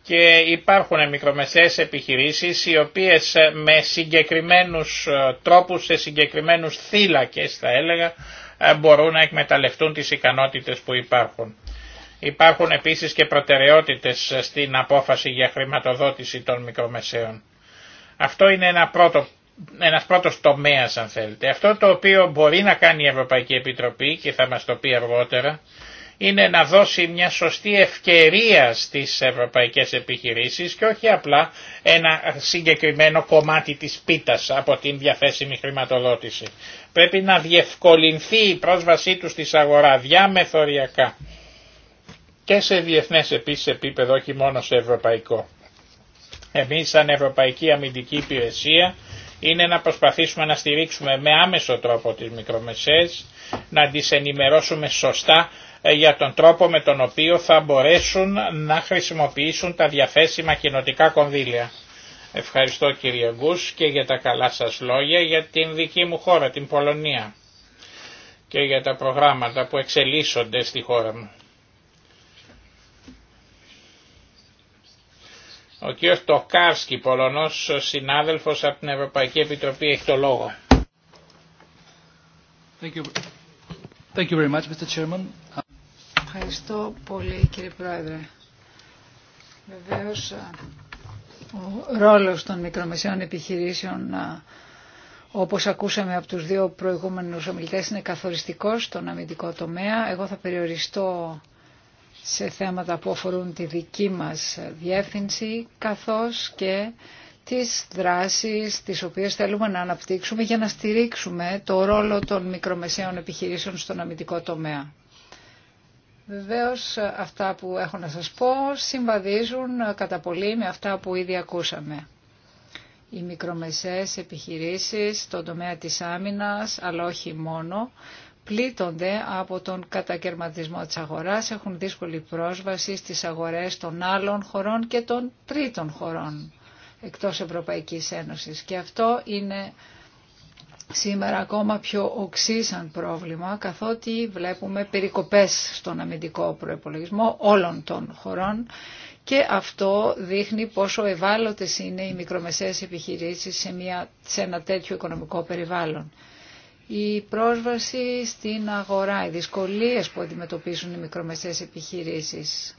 και υπάρχουν μικρομεσαίες επιχειρήσεις οι οποίες με συγκεκριμένους τρόπους, σε συγκεκριμένους θύλακες θα έλεγα, μπορούν να εκμεταλλευτούν τις ικανότητες που υπάρχουν. Υπάρχουν επίσης και προτεραιότητες στην απόφαση για χρηματοδότηση των μικρομεσαίων. Αυτό είναι ένα πρώτο, ένας πρώτος τομέας αν θέλετε. Αυτό το οποίο μπορεί να κάνει η Ευρωπαϊκή Επιτροπή και θα μας το πει αργότερα είναι να δώσει μια σωστή ευκαιρία στις ευρωπαϊκές επιχειρήσεις και όχι απλά ένα συγκεκριμένο κομμάτι της πίτας από την διαθέσιμη χρηματοδότηση. Πρέπει να διευκολυνθεί η πρόσβασή τους στις αγορά διαμεθοριακά και σε διεθνές επίσης επίπεδο, όχι μόνο σε ευρωπαϊκό. Εμείς σαν Ευρωπαϊκή Αμυντική Υπηρεσία είναι να προσπαθήσουμε να στηρίξουμε με άμεσο τρόπο τις μικρομεσαίες, να τις ενημερώσουμε σωστά ε, για τον τρόπο με τον οποίο θα μπορέσουν να χρησιμοποιήσουν τα διαθέσιμα κοινοτικά κονδύλια. Ευχαριστώ κύριε Γκούς και για τα καλά σας λόγια για την δική μου χώρα, την Πολωνία και για τα προγράμματα που εξελίσσονται στη χώρα μου. Ο κ. Τοκάρσκι, Πολωνός συνάδελφος από την Ευρωπαϊκή Επιτροπή, έχει το λόγο. Ευχαριστώ πολύ κύριε Πρόεδρε. Βεβαίως ο ρόλος των μικρομεσαίων επιχειρήσεων όπως ακούσαμε από τους δύο προηγούμενους ομιλητές είναι καθοριστικός στον αμυντικό τομέα. Εγώ θα περιοριστώ σε θέματα που αφορούν τη δική μας διεύθυνση, καθώς και τις δράσεις τις οποίες θέλουμε να αναπτύξουμε για να στηρίξουμε το ρόλο των μικρομεσαίων επιχειρήσεων στον αμυντικό τομέα. Βεβαίως αυτά που έχω να σας πω συμβαδίζουν κατά πολύ με αυτά που ήδη ακούσαμε. Οι μικρομεσαίες επιχειρήσεις στον τομέα της άμυνας, αλλά όχι μόνο, πλήττονται από τον κατακαιρματισμό της αγοράς, έχουν δύσκολη πρόσβαση στις αγορές των άλλων χωρών και των τρίτων χωρών εκτός Ευρωπαϊκής Ένωσης. Και αυτό είναι σήμερα ακόμα πιο οξύ σαν πρόβλημα, καθότι βλέπουμε περικοπές στον αμυντικό προϋπολογισμό όλων των χωρών και αυτό δείχνει πόσο ευάλωτες είναι οι μικρομεσαίες επιχειρήσεις μια, σε ένα τέτοιο οικονομικό περιβάλλον η πρόσβαση στην αγορά, οι δυσκολίες που αντιμετωπίζουν οι μικρομεσαίες επιχειρήσεις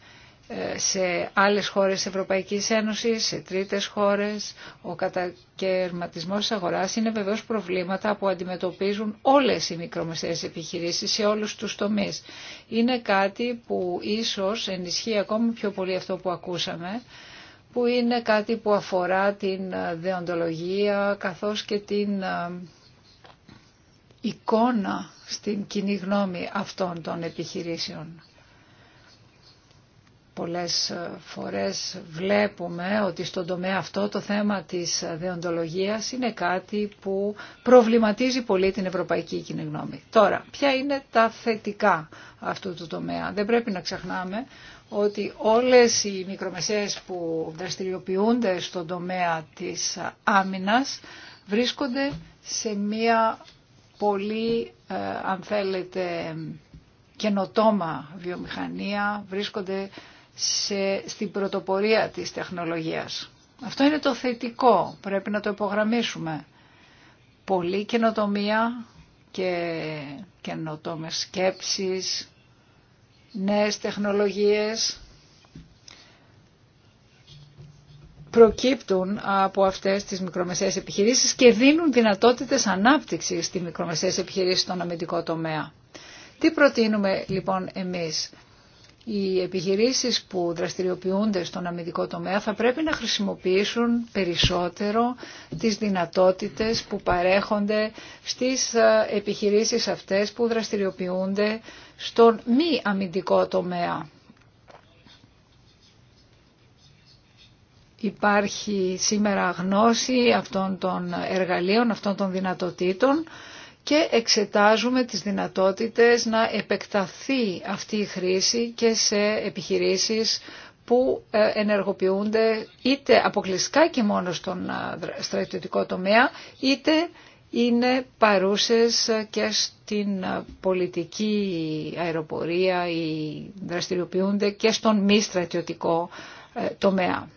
ε, σε άλλες χώρες της Ευρωπαϊκής Ένωσης, σε τρίτες χώρες. Ο κατακαιρματισμός της αγοράς είναι βεβαίως προβλήματα που αντιμετωπίζουν όλες οι μικρομεσαίες επιχειρήσεις σε όλους τους τομείς. Είναι κάτι που ίσως ενισχύει ακόμη πιο πολύ αυτό που ακούσαμε, που είναι κάτι που αφορά την δεοντολογία καθώς και την ε, εικόνα στην κοινή γνώμη αυτών των επιχειρήσεων. Πολλές ε, φορές βλέπουμε ότι στον τομέα αυτό το θέμα της δεοντολογίας είναι κάτι που προβληματίζει πολύ την ευρωπαϊκή κοινή γνώμη. Τώρα, ποια είναι τα θετικά αυτού του τομέα. Δεν πρέπει να ξεχνάμε ότι όλες οι μικρομεσαίες που δραστηριοποιούνται στον τομέα της άμυνας βρίσκονται σε μία πολύ, ε, αν θέλετε, καινοτόμα βιομηχανία βρίσκονται σε, στην πρωτοπορία της τεχνολογίας. Αυτό είναι το θετικό, πρέπει να το υπογραμμίσουμε. Πολύ καινοτομία και καινοτόμες σκέψεις, νέες τεχνολογίες προκύπτουν από αυτές τις μικρομεσαίες επιχειρήσεις και δίνουν δυνατότητες ανάπτυξης στις μικρομεσαίες επιχειρήσεις στον αμυντικό τομέα. Τι προτείνουμε λοιπόν εμείς. Οι επιχειρήσεις που δραστηριοποιούνται στον αμυντικό τομέα θα πρέπει να χρησιμοποιήσουν περισσότερο τις δυνατότητες που παρέχονται στις ε, επιχειρήσεις αυτές που δραστηριοποιούνται στον μη αμυντικό τομέα. υπάρχει σήμερα γνώση αυτών των εργαλείων, αυτών των δυνατοτήτων και εξετάζουμε τις δυνατότητες να επεκταθεί αυτή η χρήση και σε επιχειρήσεις που ε, ενεργοποιούνται είτε αποκλειστικά και μόνο στον ε, στρατιωτικό τομέα, είτε είναι παρούσες και στην ε, πολιτική αεροπορία ή δραστηριοποιούνται και στον μη στρατιωτικό τομέα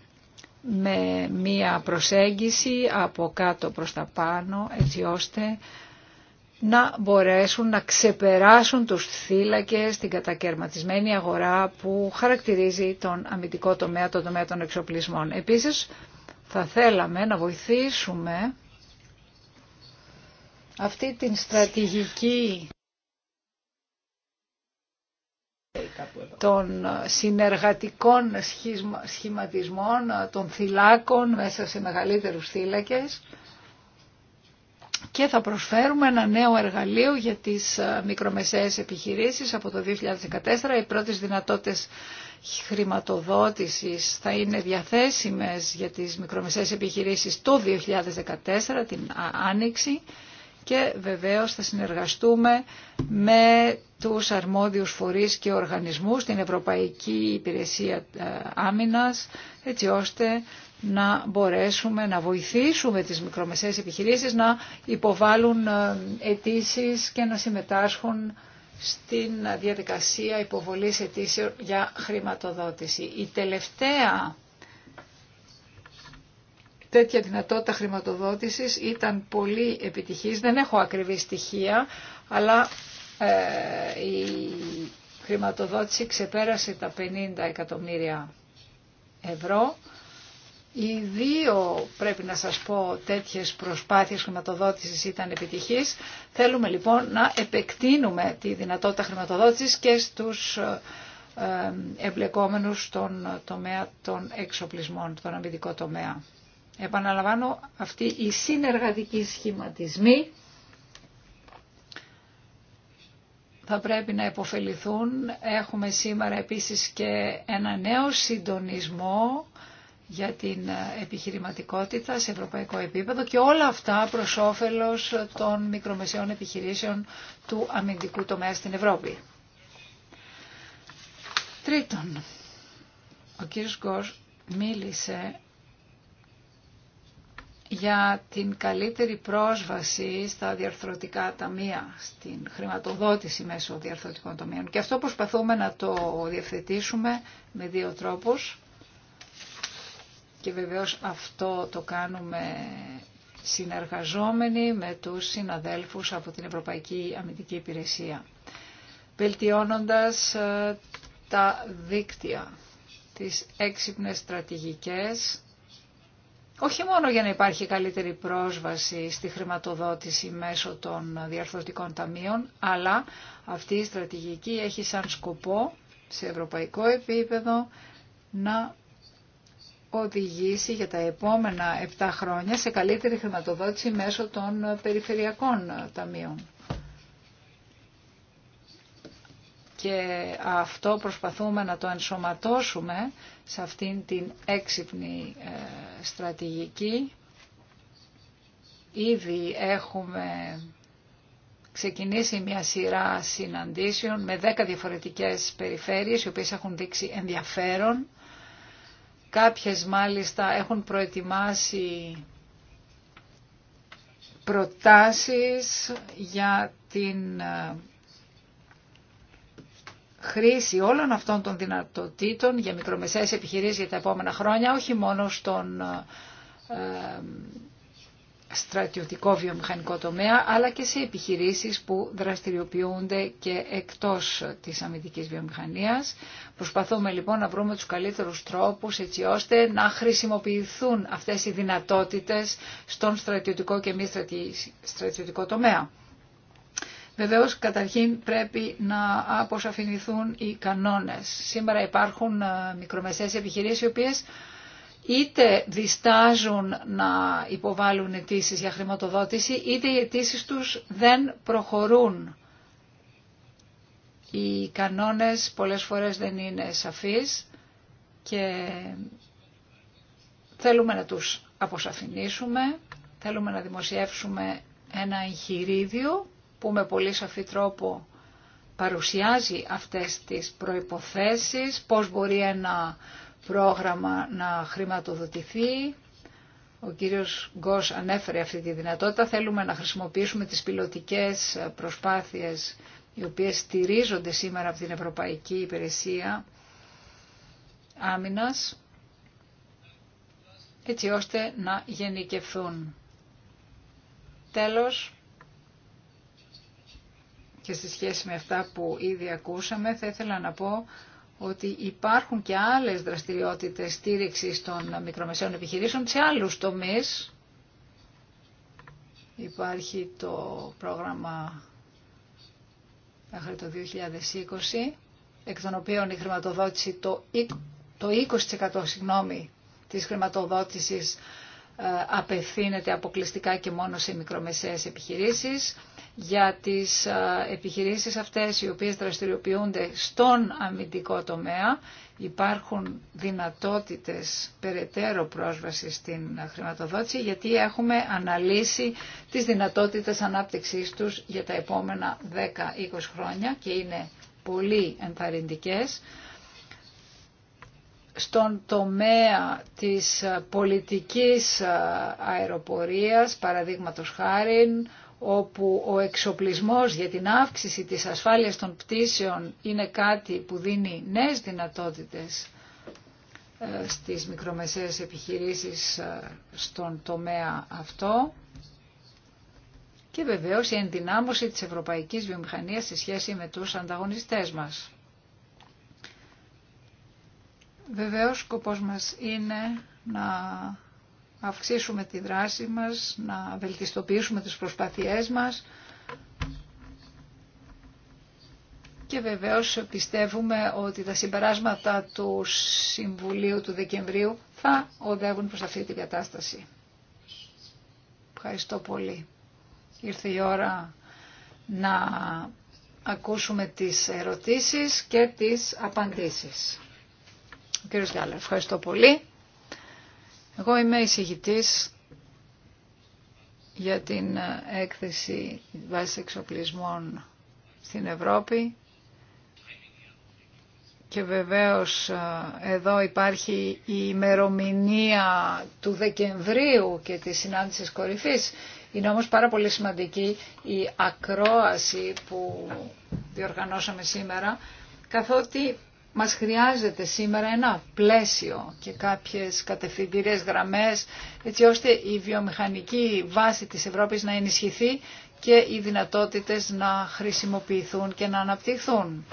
με μία προσέγγιση από κάτω προς τα πάνω έτσι ώστε να μπορέσουν να ξεπεράσουν τους θύλακες, την κατακαιρματισμένη αγορά που χαρακτηρίζει τον αμυντικό τομέα, τον τομέα των εξοπλισμών. Επίσης θα θέλαμε να βοηθήσουμε αυτή την στρατηγική των συνεργατικών σχηματισμών, των θυλάκων μέσα σε μεγαλύτερους θύλακες και θα προσφέρουμε ένα νέο εργαλείο για τις ε, μικρομεσαίες επιχειρήσεις από το 2014. Οι πρώτες δυνατότητες χρηματοδότησης θα είναι διαθέσιμες για τις μικρομεσαίες επιχειρήσεις το 2014, την Άνοιξη και βεβαίως θα συνεργαστούμε με τους αρμόδιους φορείς και οργανισμούς, την Ευρωπαϊκή Υπηρεσία ε, Άμυνας, έτσι ώστε να μπορέσουμε να βοηθήσουμε τις μικρομεσαίες επιχειρήσεις να υποβάλουν ε, αιτήσει και να συμμετάσχουν στην διαδικασία υποβολής αιτήσεων για χρηματοδότηση. Η τελευταία τέτοια δυνατότητα χρηματοδότησης ήταν πολύ επιτυχής. Δεν έχω ακριβή στοιχεία, αλλά ε, η χρηματοδότηση ξεπέρασε τα 50 εκατομμύρια ευρώ. Οι δύο, πρέπει να σας πω, τέτοιες προσπάθειες χρηματοδότησης ήταν επιτυχής. Θέλουμε λοιπόν να επεκτείνουμε τη δυνατότητα χρηματοδότησης και στους ε, εμπλεκόμενους στον τομέα των εξοπλισμών, τον αμυντικό τομέα. Επαναλαμβάνω, αυτοί οι συνεργατικοί σχηματισμοί θα πρέπει να υποφεληθούν. Έχουμε σήμερα επίσης και ένα νέο συντονισμό για την επιχειρηματικότητα σε ευρωπαϊκό επίπεδο και όλα αυτά προς όφελος των μικρομεσαίων επιχειρήσεων του αμυντικού τομέα στην Ευρώπη. Τρίτον, ο κύριος Γκος μίλησε για την καλύτερη πρόσβαση στα διαρθρωτικά ταμεία, στην χρηματοδότηση μέσω διαρθρωτικών ταμείων. Και αυτό προσπαθούμε να το διευθετήσουμε με δύο τρόπους και βεβαίως αυτό το κάνουμε συνεργαζόμενοι με τους συναδέλφους από την Ευρωπαϊκή Αμυντική Υπηρεσία, βελτιώνοντας ε, τα δίκτυα, τις έξυπνες στρατηγικές, όχι μόνο για να υπάρχει καλύτερη πρόσβαση στη χρηματοδότηση μέσω των διαρθρωτικών ταμείων, αλλά αυτή η στρατηγική έχει σαν σκοπό σε ευρωπαϊκό επίπεδο να οδηγήσει για τα επόμενα 7 χρόνια σε καλύτερη χρηματοδότηση μέσω των περιφερειακών ταμείων. και αυτό προσπαθούμε να το ενσωματώσουμε σε αυτήν την έξυπνη ε, στρατηγική. Ήδη έχουμε ξεκινήσει μια σειρά συναντήσεων με δέκα διαφορετικές περιφέρειες, οι οποίες έχουν δείξει ενδιαφέρον. Κάποιες μάλιστα έχουν προετοιμάσει προτάσεις για την ε, χρήση όλων αυτών των δυνατοτήτων για μικρομεσαίες επιχειρήσεις για τα επόμενα χρόνια, όχι μόνο στον ε, ε, στρατιωτικό βιομηχανικό τομέα, αλλά και σε επιχειρήσεις που δραστηριοποιούνται και εκτός της αμυντικής βιομηχανίας. Προσπαθούμε λοιπόν να βρούμε τους καλύτερους τρόπους έτσι ώστε να χρησιμοποιηθούν αυτές οι δυνατότητες στον στρατιωτικό και μη στρατιωτικό τομέα. Βεβαίω, καταρχήν πρέπει να αποσαφηνηθούν οι κανόνε. Σήμερα υπάρχουν ε, μικρομεσαίες επιχειρήσει οι οποίε είτε διστάζουν να υποβάλουν αιτήσει για χρηματοδότηση, είτε οι αιτήσει του δεν προχωρούν. Οι κανόνες πολλές φορές δεν είναι σαφείς και θέλουμε να τους αποσαφηνίσουμε, θέλουμε να δημοσιεύσουμε ένα εγχειρίδιο που με πολύ σαφή τρόπο παρουσιάζει αυτές τις προϋποθέσεις, πώς μπορεί ένα πρόγραμμα να χρηματοδοτηθεί. Ο κύριος Γκος ανέφερε αυτή τη δυνατότητα. Θέλουμε να χρησιμοποιήσουμε τις πιλωτικές προσπάθειες οι οποίες στηρίζονται σήμερα από την Ευρωπαϊκή Υπηρεσία Άμυνας έτσι ώστε να γενικευθούν. Τέλος, και σε σχέση με αυτά που ήδη ακούσαμε, θα ήθελα να πω ότι υπάρχουν και άλλες δραστηριότητες στήριξης των μικρομεσαίων επιχειρήσεων σε άλλους τομείς. Υπάρχει το πρόγραμμα μέχρι το 2020, εκ των οποίων η χρηματοδότηση, το, 20% συγγνώμη, της χρηματοδότησης απευθύνεται αποκλειστικά και μόνο σε μικρομεσαίες επιχειρήσεις. Για τις ε, επιχειρήσεις αυτές οι οποίες δραστηριοποιούνται στον αμυντικό τομέα υπάρχουν δυνατότητες περαιτέρω πρόσβασης στην χρηματοδότηση γιατί έχουμε αναλύσει τις δυνατότητες ανάπτυξής τους για τα επόμενα 10-20 χρόνια και είναι πολύ ενθαρρυντικές στον τομέα της ε, πολιτικής ε, αεροπορίας, παραδείγματος χάριν, όπου ο εξοπλισμός για την αύξηση της ασφάλειας των πτήσεων είναι κάτι που δίνει νέες δυνατότητες ε, στις μικρομεσαίες επιχειρήσεις στον τομέα αυτό και βεβαίως η ενδυνάμωση της ευρωπαϊκής βιομηχανίας σε σχέση με τους ανταγωνιστές μας. Βεβαίως σκοπός μας είναι να αυξήσουμε τη δράση μας, να βελτιστοποιήσουμε τις προσπάθειές μας και βεβαίως πιστεύουμε ότι τα συμπεράσματα του Συμβουλίου του Δεκεμβρίου θα οδεύουν προς αυτή την κατάσταση. Ευχαριστώ πολύ. Ήρθε η ώρα να ακούσουμε τις ερωτήσεις και τις απαντήσεις. Ο κύριος Γκάλερ, ευχαριστώ πολύ. Εγώ είμαι εισηγητής για την έκθεση βάσης εξοπλισμών στην Ευρώπη και βεβαίως ε, εδώ υπάρχει η ημερομηνία του Δεκεμβρίου και της συνάντησης κορυφής. Είναι όμως πάρα πολύ σημαντική η ακρόαση που διοργανώσαμε σήμερα καθότι μας χρειάζεται σήμερα ένα πλαίσιο και κάποιες κατευθυντήριες γραμμές έτσι ώστε η βιομηχανική βάση της Ευρώπης να ενισχυθεί και οι δυνατότητες να χρησιμοποιηθούν και να αναπτυχθούν.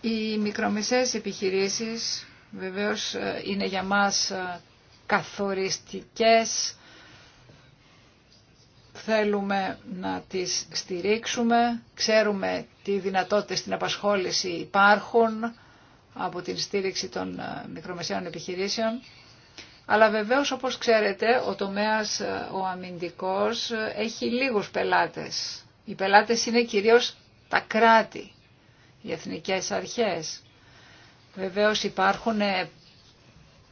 Οι μικρομεσαίες επιχειρήσεις βεβαίως ε, είναι για μας ε, καθοριστικές. Θέλουμε να τις στηρίξουμε. Ξέρουμε τι δυνατότητες στην απασχόληση υπάρχουν από την στήριξη των ε, μικρομεσαίων επιχειρήσεων. Αλλά βεβαίως όπως ξέρετε ο τομέας ε, ο αμυντικός ε, έχει λίγους πελάτες. Οι πελάτες είναι κυρίως τα κράτη, οι εθνικές αρχές. Βεβαίως υπάρχουν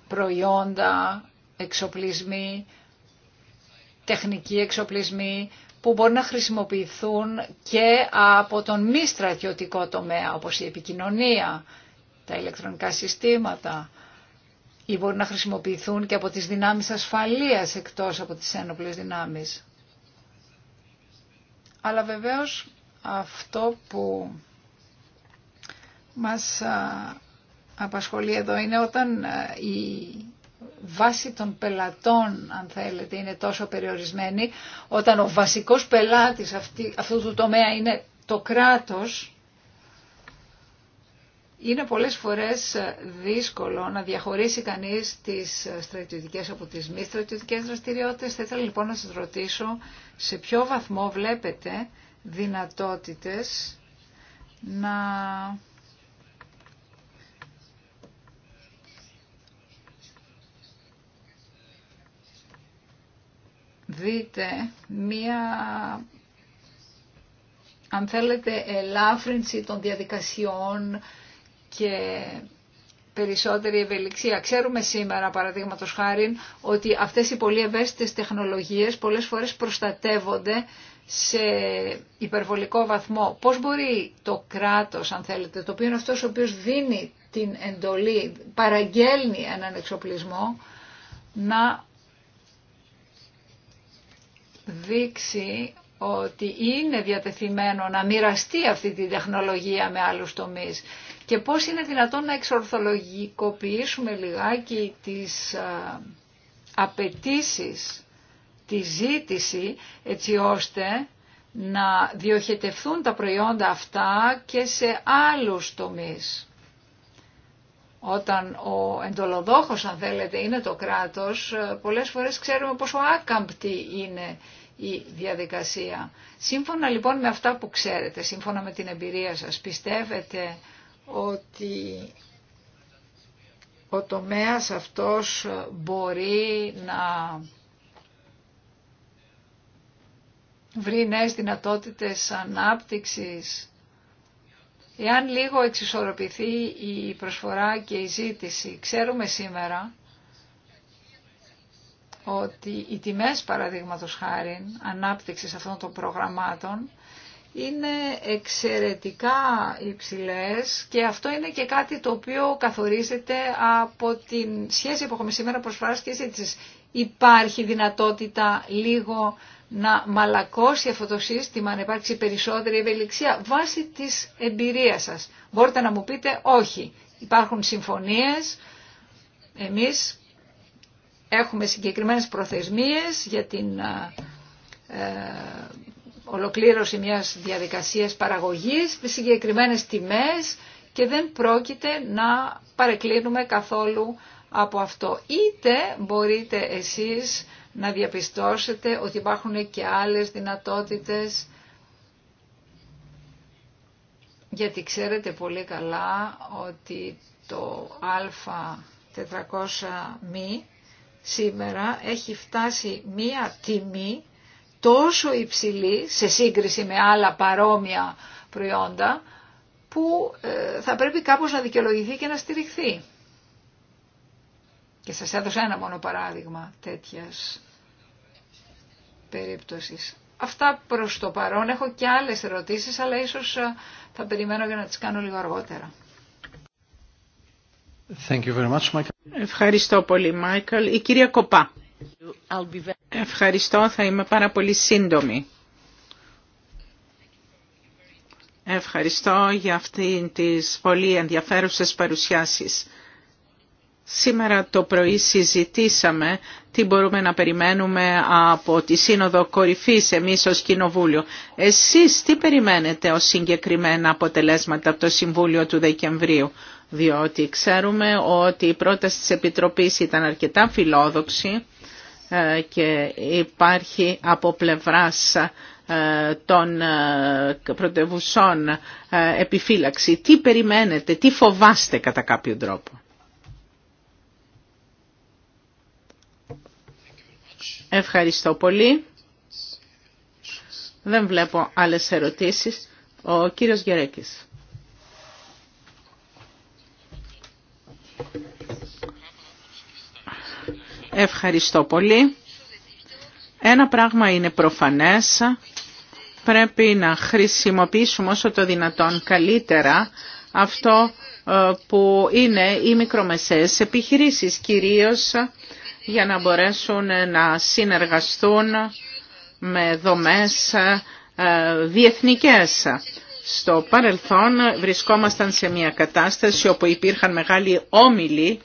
προϊόντα, εξοπλισμοί, τεχνικοί εξοπλισμοί που μπορεί να χρησιμοποιηθούν και από τον μη στρατιωτικό τομέα, όπως η επικοινωνία, τα ηλεκτρονικά συστήματα, ή μπορεί να χρησιμοποιηθούν και από τις δυνάμεις ασφαλείας εκτός από τις ένοπλες δυνάμεις. Αλλά βεβαίως αυτό που μας απασχολεί εδώ είναι όταν ε, η βάση των πελατών, αν θέλετε, είναι τόσο περιορισμένη, όταν ο βασικός πελάτης αυτή, αυτού του τομέα είναι το κράτος, είναι πολλές φορές δύσκολο να διαχωρίσει κανείς τις στρατιωτικές από τις μη στρατιωτικές δραστηριότητες. Θα ήθελα λοιπόν να σας ρωτήσω σε ποιο βαθμό βλέπετε δυνατότητες να δείτε μία αν θέλετε ελάφρυνση των διαδικασιών και περισσότερη ευελιξία. Ξέρουμε σήμερα, παραδείγματο χάρη, ότι αυτές οι πολύ ευαίσθητες τεχνολογίες πολλές φορές προστατεύονται σε υπερβολικό βαθμό. Πώς μπορεί το κράτος, αν θέλετε, το οποίο είναι αυτός ο οποίος δίνει την εντολή, παραγγέλνει έναν εξοπλισμό, να δείξει ότι είναι διατεθειμένο να μοιραστεί αυτή τη τεχνολογία με άλλους τομείς και πώς είναι δυνατόν να εξορθολογικοποιήσουμε λιγάκι τις απαιτήσεις, τη ζήτηση έτσι ώστε να διοχετευθούν τα προϊόντα αυτά και σε άλλους τομείς όταν ο εντολοδόχος αν θέλετε είναι το κράτος, πολλές φορές ξέρουμε πόσο άκαμπτη είναι η διαδικασία. Σύμφωνα λοιπόν με αυτά που ξέρετε, σύμφωνα με την εμπειρία σας, πιστεύετε ότι ο τομέας αυτός μπορεί να βρει νέες δυνατότητες ανάπτυξης Εάν λίγο εξισορροπηθεί η προσφορά και η ζήτηση, ξέρουμε σήμερα ότι οι τιμές παραδείγματος χάρη ανάπτυξης αυτών των προγραμμάτων είναι εξαιρετικά υψηλές και αυτό είναι και κάτι το οποίο καθορίζεται από την σχέση που έχουμε σήμερα προσφοράς και ζήτησης. Υπάρχει δυνατότητα λίγο να μαλακώσει αυτό το σύστημα, να υπάρξει περισσότερη ευελιξία βάσει της εμπειρίας σας. Μπορείτε να μου πείτε όχι. Υπάρχουν συμφωνίες, εμείς έχουμε συγκεκριμένες προθεσμίες για την ε, ε ολοκλήρωση μιας διαδικασίας παραγωγής, συγκεκριμένες τιμές και δεν πρόκειται να παρεκκλίνουμε καθόλου από αυτό. Είτε μπορείτε εσείς να διαπιστώσετε ότι υπάρχουν και άλλες δυνατότητες γιατί ξέρετε πολύ καλά ότι το α400 μη σήμερα έχει φτάσει μία τιμή τόσο υψηλή σε σύγκριση με άλλα παρόμοια προϊόντα που ε, θα πρέπει κάπως να δικαιολογηθεί και να στηριχθεί. Και σας έδωσα ένα μόνο παράδειγμα τέτοιας περίπτωσης. Αυτά προς το παρόν. Έχω και άλλες ερωτήσεις, αλλά ίσως ε, θα περιμένω για να τις κάνω λίγο αργότερα. Ευχαριστώ πολύ, Μάικλ. Η κυρία Κοπά. Ευχαριστώ, θα είμαι πάρα πολύ σύντομη. Ευχαριστώ για αυτήν τις πολύ ενδιαφέρουσες παρουσιάσεις. Σήμερα το πρωί συζητήσαμε τι μπορούμε να περιμένουμε από τη Σύνοδο Κορυφής εμείς ως Κοινοβούλιο. Εσείς τι περιμένετε ως συγκεκριμένα αποτελέσματα από το Συμβούλιο του Δεκεμβρίου. Διότι ξέρουμε ότι η πρόταση της Επιτροπής ήταν αρκετά φιλόδοξη ε, και υπάρχει από πλευράς ε, των ε, πρωτευουσών επιφύλαξη. Τι περιμένετε, τι φοβάστε κατά κάποιο τρόπο. Ευχαριστώ πολύ. Δεν βλέπω άλλες ερωτήσεις. Ο κύριος Γερέκης. Ευχαριστώ πολύ. Ένα πράγμα είναι προφανές. Πρέπει να χρησιμοποιήσουμε όσο το δυνατόν καλύτερα αυτό ε, που είναι οι μικρομεσαίες επιχειρήσεις, κυρίως για να μπορέσουν να συνεργαστούν με δομές ε, διεθνικές. Στο παρελθόν βρισκόμασταν σε μια κατάσταση όπου υπήρχαν μεγάλοι όμιλοι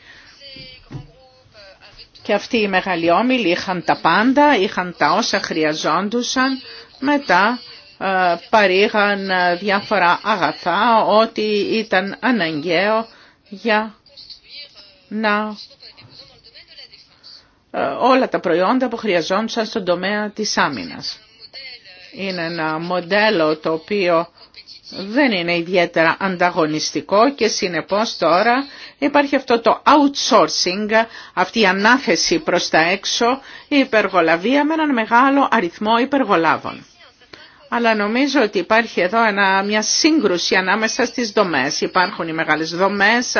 και αυτοί οι μεγάλοι όμιλοι είχαν τα πάντα, είχαν τα όσα χρειαζόντουσαν. Μετά ε, παρήγαν διάφορα αγαθά, ό,τι ήταν αναγκαίο για να ε, όλα τα προϊόντα που χρειαζόντουσαν στον τομέα της άμυνας. Είναι ένα μοντέλο το οποίο δεν είναι ιδιαίτερα ανταγωνιστικό και συνεπώς τώρα υπάρχει αυτό το outsourcing, αυτή η ανάθεση προς τα έξω, η υπεργολαβία με έναν μεγάλο αριθμό υπεργολάβων αλλά νομίζω ότι υπάρχει εδώ μια σύγκρουση ανάμεσα στις δομές. Υπάρχουν οι μεγάλες δομές,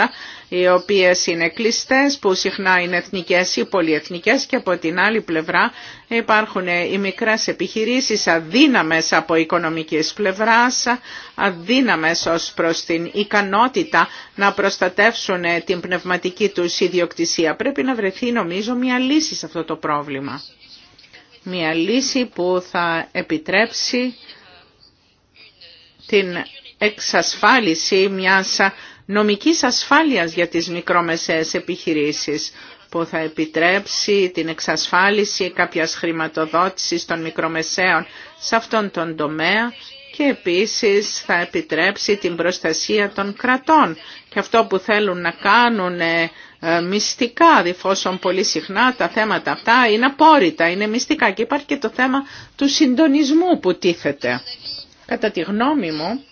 οι οποίες είναι κλειστές, που συχνά είναι εθνικές ή πολυεθνικές και από την άλλη πλευρά υπάρχουν ε, οι μικρές επιχειρήσεις αδύναμες από οικονομικής πλευράς, αδύναμες ως προς την ικανότητα να προστατεύσουν ε, την πνευματική τους ιδιοκτησία. Πρέπει να βρεθεί νομίζω μια λύση σε αυτό το πρόβλημα μια λύση που θα επιτρέψει την εξασφάλιση μιας νομικής ασφάλειας για τις μικρομεσαίες επιχειρήσεις που θα επιτρέψει την εξασφάλιση κάποιας χρηματοδότησης των μικρομεσαίων σε αυτόν τον τομέα και επίσης θα επιτρέψει την προστασία των κρατών. Και αυτό που θέλουν να κάνουν ε, ε, μυστικά, διφόσον πολύ συχνά τα θέματα αυτά είναι απόρριτα, είναι μυστικά και υπάρχει και το θέμα του συντονισμού που τίθεται. Κατά τη γνώμη μου,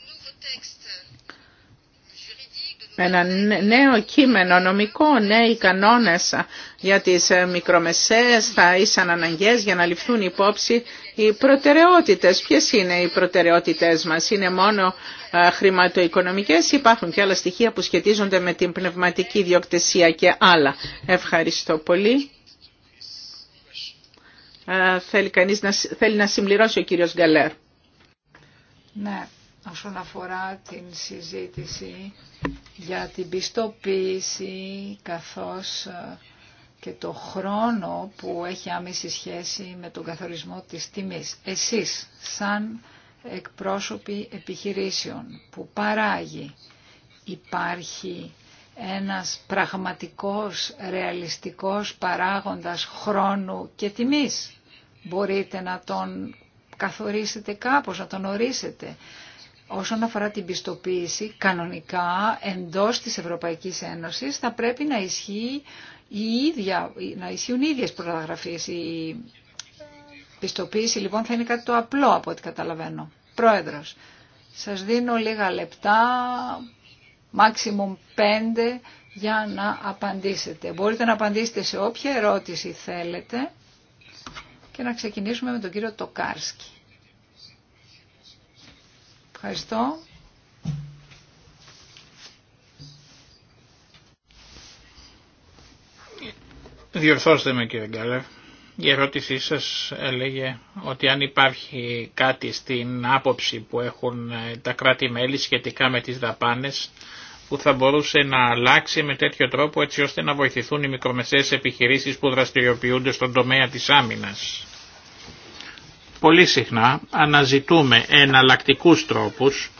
ένα νέο κείμενο νομικό, νέοι κανόνες για τις ε, μικρομεσαίες θα ήσαν αναγκαίες για να ληφθούν υπόψη οι προτεραιότητες. Ποιες είναι οι προτεραιότητες μας, είναι μόνο ε, χρηματοοικονομικές, υπάρχουν και άλλα στοιχεία που σχετίζονται με την πνευματική ιδιοκτησία και άλλα. Ευχαριστώ πολύ. Ε, θέλει, κανείς να, θέλει να συμπληρώσει ο κύριος Γκαλέρ. Ναι όσον αφορά την συζήτηση για την πιστοποίηση καθώς ε, και το χρόνο που έχει άμεση σχέση με τον καθορισμό της τιμής. Εσείς, σαν εκπρόσωποι επιχειρήσεων που παράγει, υπάρχει ένας πραγματικός, ρεαλιστικός παράγοντας χρόνου και τιμής. Μπορείτε να τον καθορίσετε κάπως, να τον ορίσετε. Όσον αφορά την πιστοποίηση, κανονικά εντός της Ευρωπαϊκής Ένωσης θα πρέπει να, ισχύει η ίδια, να ισχύουν οι ίδιες Η πιστοποίηση λοιπόν θα είναι κάτι το απλό από ό,τι καταλαβαίνω. Πρόεδρος, σας δίνω λίγα λεπτά, maximum πέντε, για να απαντήσετε. Μπορείτε να απαντήσετε σε όποια ερώτηση θέλετε και να ξεκινήσουμε με τον κύριο Τοκάρσκι. Ευχαριστώ. Διορθώστε με κύριε Γκάλερ. Η ερώτησή σας έλεγε ότι αν υπάρχει κάτι στην άποψη που έχουν ε, τα κράτη-μέλη σχετικά με τις δαπάνες που θα μπορούσε να αλλάξει με τέτοιο τρόπο έτσι ώστε να βοηθηθούν οι μικρομεσαίες επιχειρήσεις που δραστηριοποιούνται στον τομέα της άμυνας πολύ συχνά αναζητούμε εναλλακτικούς τρόπους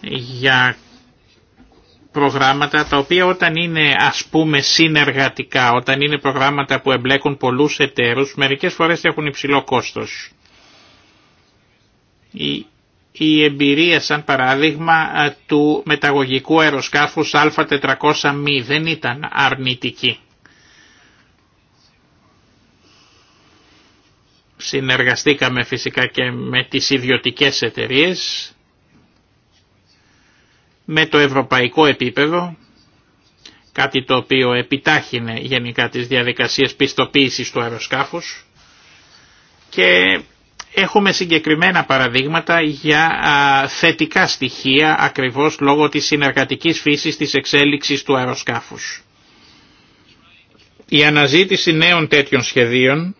για προγράμματα τα οποία όταν είναι ας πούμε συνεργατικά, όταν είναι προγράμματα που εμπλέκουν πολλούς εταίρους, μερικές φορές έχουν υψηλό κόστος. Η, εμπειρία σαν παράδειγμα του μεταγωγικού αεροσκάφους Α400 μη δεν ήταν αρνητική. Συνεργαστήκαμε φυσικά και με τις ιδιωτικές εταιρείες, με το ευρωπαϊκό επίπεδο, κάτι το οποίο επιτάχυνε γενικά τις διαδικασίες πιστοποίησης του αεροσκάφους και έχουμε συγκεκριμένα παραδείγματα για θετικά στοιχεία ακριβώς λόγω της συνεργατικής φύσης της εξέλιξης του αεροσκάφους. Η αναζήτηση νέων τέτοιων σχεδίων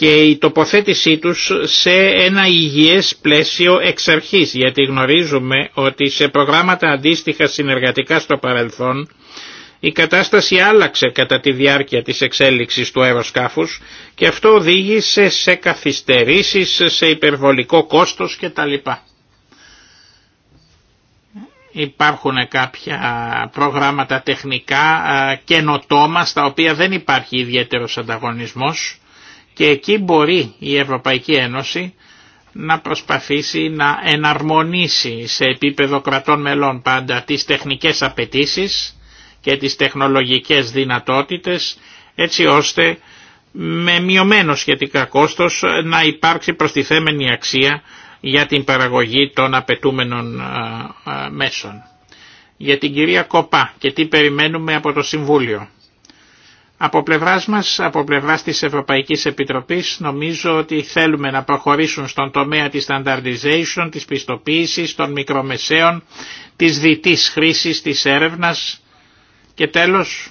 και η τοποθέτησή τους σε ένα υγιές πλαίσιο εξ αρχής, γιατί γνωρίζουμε ότι σε προγράμματα αντίστοιχα συνεργατικά στο παρελθόν η κατάσταση άλλαξε κατά τη διάρκεια της εξέλιξης του αεροσκάφους και αυτό οδήγησε σε καθυστερήσεις, σε υπερβολικό κόστος κτλ. Υπάρχουν κάποια προγράμματα τεχνικά καινοτόμα στα οποία δεν υπάρχει ιδιαίτερος ανταγωνισμός και εκεί μπορεί η Ευρωπαϊκή Ένωση να προσπαθήσει να εναρμονίσει σε επίπεδο κρατών μελών πάντα τις τεχνικές απαιτήσεις και τις τεχνολογικές δυνατότητες έτσι ώστε με μειωμένο σχετικά κόστος να υπάρξει προστιθέμενη αξία για την παραγωγή των απαιτούμενων μέσων. Για την κυρία Κοπά και τι περιμένουμε από το Συμβούλιο. Από πλευράς μας, από πλευράς της Ευρωπαϊκής Επιτροπής, νομίζω ότι θέλουμε να προχωρήσουν στον τομέα της standardization, της πιστοποίησης, των μικρομεσαίων, της διτής χρήσης, της έρευνας και τέλος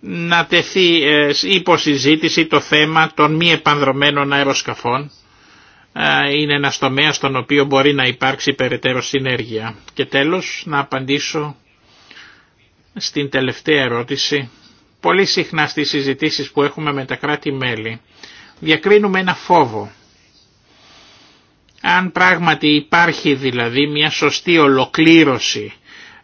να τεθεί ε, υποσυζήτηση το θέμα των μη επανδρομένων αεροσκαφών. Ε, είναι ένα τομέα στον οποίο μπορεί να υπάρξει περαιτέρω συνέργεια. Και τέλος να απαντήσω στην τελευταία ερώτηση, πολύ συχνά στις συζητήσεις που έχουμε με τα κράτη-μέλη, διακρίνουμε ένα φόβο. Αν πράγματι υπάρχει δηλαδή μια σωστή ολοκλήρωση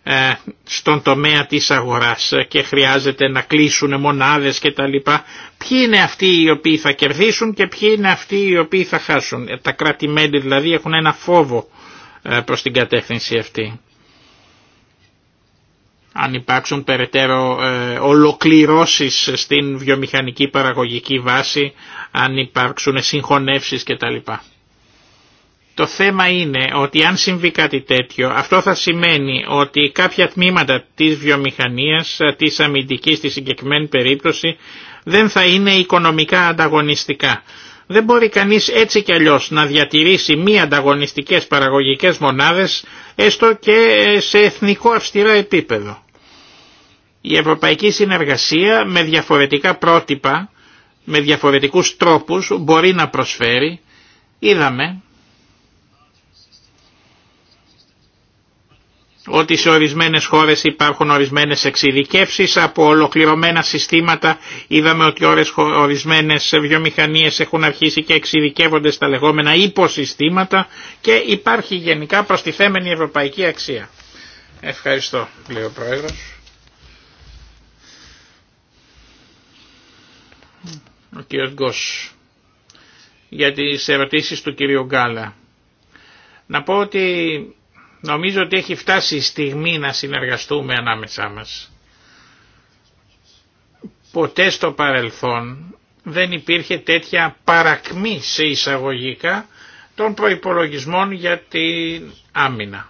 ε, στον τομέα της αγοράς και χρειάζεται να κλείσουν μονάδες και τα λοιπά. Ποιοι είναι αυτοί οι οποίοι θα κερδίσουν και ποιοι είναι αυτοί οι οποίοι θα χάσουν. Ε, τα κράτη-μέλη δηλαδή έχουν ένα φόβο ε, προς την κατεύθυνση αυτή αν υπάρξουν περαιτέρω ε, ολοκληρώσεις στην βιομηχανική παραγωγική βάση, αν υπάρξουν συγχωνεύσεις κτλ. Το θέμα είναι ότι αν συμβεί κάτι τέτοιο, αυτό θα σημαίνει ότι κάποια τμήματα της βιομηχανίας, της αμυντικής στη συγκεκριμένη περίπτωση, δεν θα είναι οικονομικά ανταγωνιστικά. Δεν μπορεί κανείς έτσι κι αλλιώς να διατηρήσει μη ανταγωνιστικές παραγωγικές μονάδες έστω και σε εθνικό αυστηρά επίπεδο. Η ευρωπαϊκή συνεργασία με διαφορετικά πρότυπα, με διαφορετικούς τρόπους μπορεί να προσφέρει, είδαμε ότι σε ορισμένες χώρες υπάρχουν ορισμένες εξειδικεύσεις, από ολοκληρωμένα συστήματα είδαμε ότι ορισμένες βιομηχανίες έχουν αρχίσει και εξειδικεύονται στα λεγόμενα υποσυστήματα και υπάρχει γενικά προστιθέμενη ευρωπαϊκή αξία. Ευχαριστώ, λέει ο Πρόεδρος. Ο κύριος Γκος, για τις ερωτήσεις του κύριου Γκάλα. Να πω ότι Νομίζω ότι έχει φτάσει η στιγμή να συνεργαστούμε ανάμεσά μας. Ποτέ στο παρελθόν δεν υπήρχε τέτοια παρακμή σε εισαγωγικά των προϋπολογισμών για την άμυνα.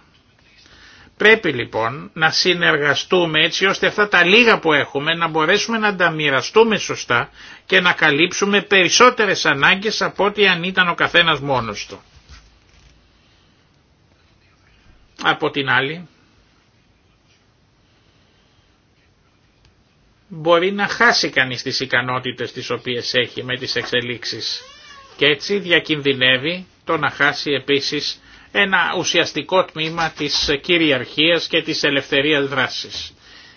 Πρέπει λοιπόν να συνεργαστούμε έτσι ώστε αυτά τα λίγα που έχουμε να μπορέσουμε να τα μοιραστούμε σωστά και να καλύψουμε περισσότερες ανάγκες από ό,τι αν ήταν ο καθένας μόνος του. Από την άλλη, μπορεί να χάσει κανείς τις ικανότητες τις οποίες έχει με τις εξελίξεις και έτσι διακινδυνεύει το να χάσει επίσης ένα ουσιαστικό τμήμα της κυριαρχίας και της ελευθερίας δράσης.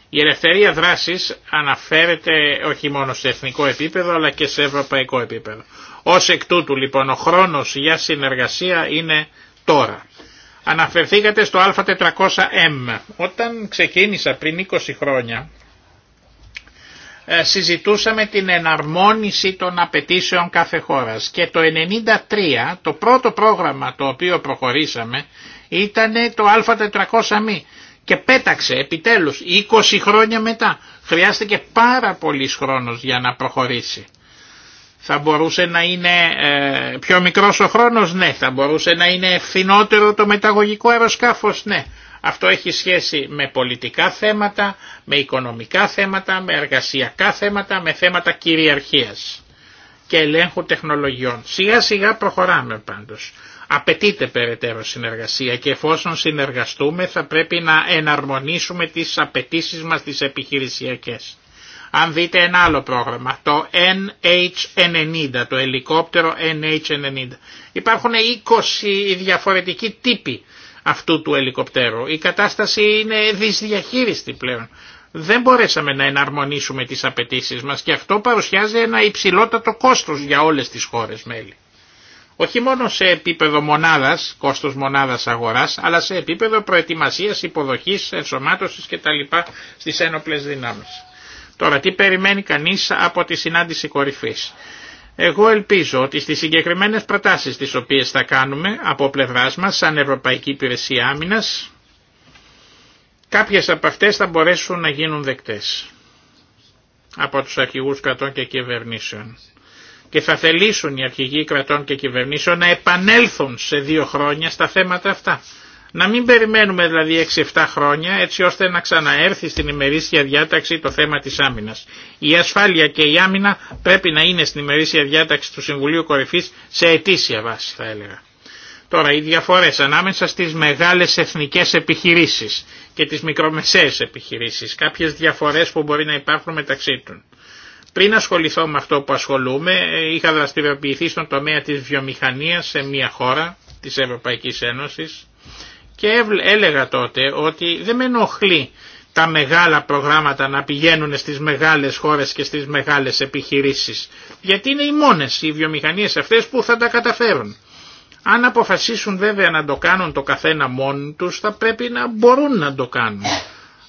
Η ελευθερία δράσης αναφέρεται όχι μόνο σε εθνικό επίπεδο αλλά και σε ευρωπαϊκό επίπεδο. Ως εκ τούτου λοιπόν ο χρόνος για συνεργασία είναι τώρα. Αναφερθήκατε στο Α400M. Όταν ξεκίνησα πριν 20 χρόνια, ε, συζητούσαμε την εναρμόνιση των απαιτήσεων κάθε χώρας και το 1993 το πρώτο πρόγραμμα το οποίο προχωρήσαμε ήταν το Α400M και πέταξε επιτέλους 20 χρόνια μετά. Χρειάστηκε πάρα πολύς χρόνος για να προχωρήσει. Θα μπορούσε να είναι ε, πιο μικρός ο χρόνος, ναι. Θα μπορούσε να είναι φθηνότερο το μεταγωγικό αεροσκάφος, ναι. Αυτό έχει σχέση με πολιτικά θέματα, με οικονομικά θέματα, με εργασιακά θέματα, με θέματα κυριαρχίας και ελέγχου τεχνολογιών. Σιγά σιγά προχωράμε πάντως. Απαιτείται περαιτέρω συνεργασία και εφόσον συνεργαστούμε θα πρέπει να εναρμονίσουμε τις απαιτήσει μας τις επιχειρησιακές. Αν δείτε ένα άλλο πρόγραμμα, το NH90, το ελικόπτερο NH90. Υπάρχουν 20 διαφορετικοί τύποι αυτού του ελικοπτέρου. Η κατάσταση είναι δυσδιαχείριστη πλέον. Δεν μπορέσαμε να εναρμονίσουμε τις απαιτήσεις μας και αυτό παρουσιάζει ένα υψηλότατο κόστος για όλες τις χώρες μέλη. Όχι μόνο σε επίπεδο μονάδας, κόστος μονάδας αγοράς, αλλά σε επίπεδο προετοιμασίας, υποδοχής, ενσωμάτωσης κτλ. στις ένοπλες δυνάμεις. Τώρα τι περιμένει κανείς από τη συνάντηση κορυφής. Εγώ ελπίζω ότι στις συγκεκριμένες προτάσεις τις οποίες θα κάνουμε από πλευράς μας σαν Ευρωπαϊκή Υπηρεσία Άμυνας, κάποιες από αυτές θα μπορέσουν να γίνουν δεκτές από τους αρχηγούς κρατών και κυβερνήσεων. Και θα θελήσουν οι αρχηγοί κρατών και κυβερνήσεων να επανέλθουν σε δύο χρόνια στα θέματα αυτά. Να μην περιμένουμε δηλαδή 6-7 χρόνια έτσι ώστε να ξαναέρθει στην ημερήσια διάταξη το θέμα της άμυνας. Η ασφάλεια και η άμυνα πρέπει να είναι στην ημερήσια διάταξη του Συμβουλίου Κορυφής σε ετήσια βάση θα έλεγα. Τώρα οι διαφορές ανάμεσα στις μεγάλες εθνικές επιχειρήσεις και τις μικρομεσαίες επιχειρήσεις, κάποιες διαφορές που μπορεί να υπάρχουν μεταξύ των. Πριν ασχοληθώ με αυτό που ασχολούμαι, είχα δραστηριοποιηθεί στον τομέα της βιομηχανίας σε μια χώρα της Ευρωπαϊκής Ένωσης και έλεγα τότε ότι δεν με ενοχλεί τα μεγάλα προγράμματα να πηγαίνουν στις μεγάλες χώρες και στις μεγάλες επιχειρήσεις. Γιατί είναι οι μόνες οι βιομηχανίες αυτές που θα τα καταφέρουν. Αν αποφασίσουν βέβαια να το κάνουν το καθένα μόνοι τους θα πρέπει να μπορούν να το κάνουν.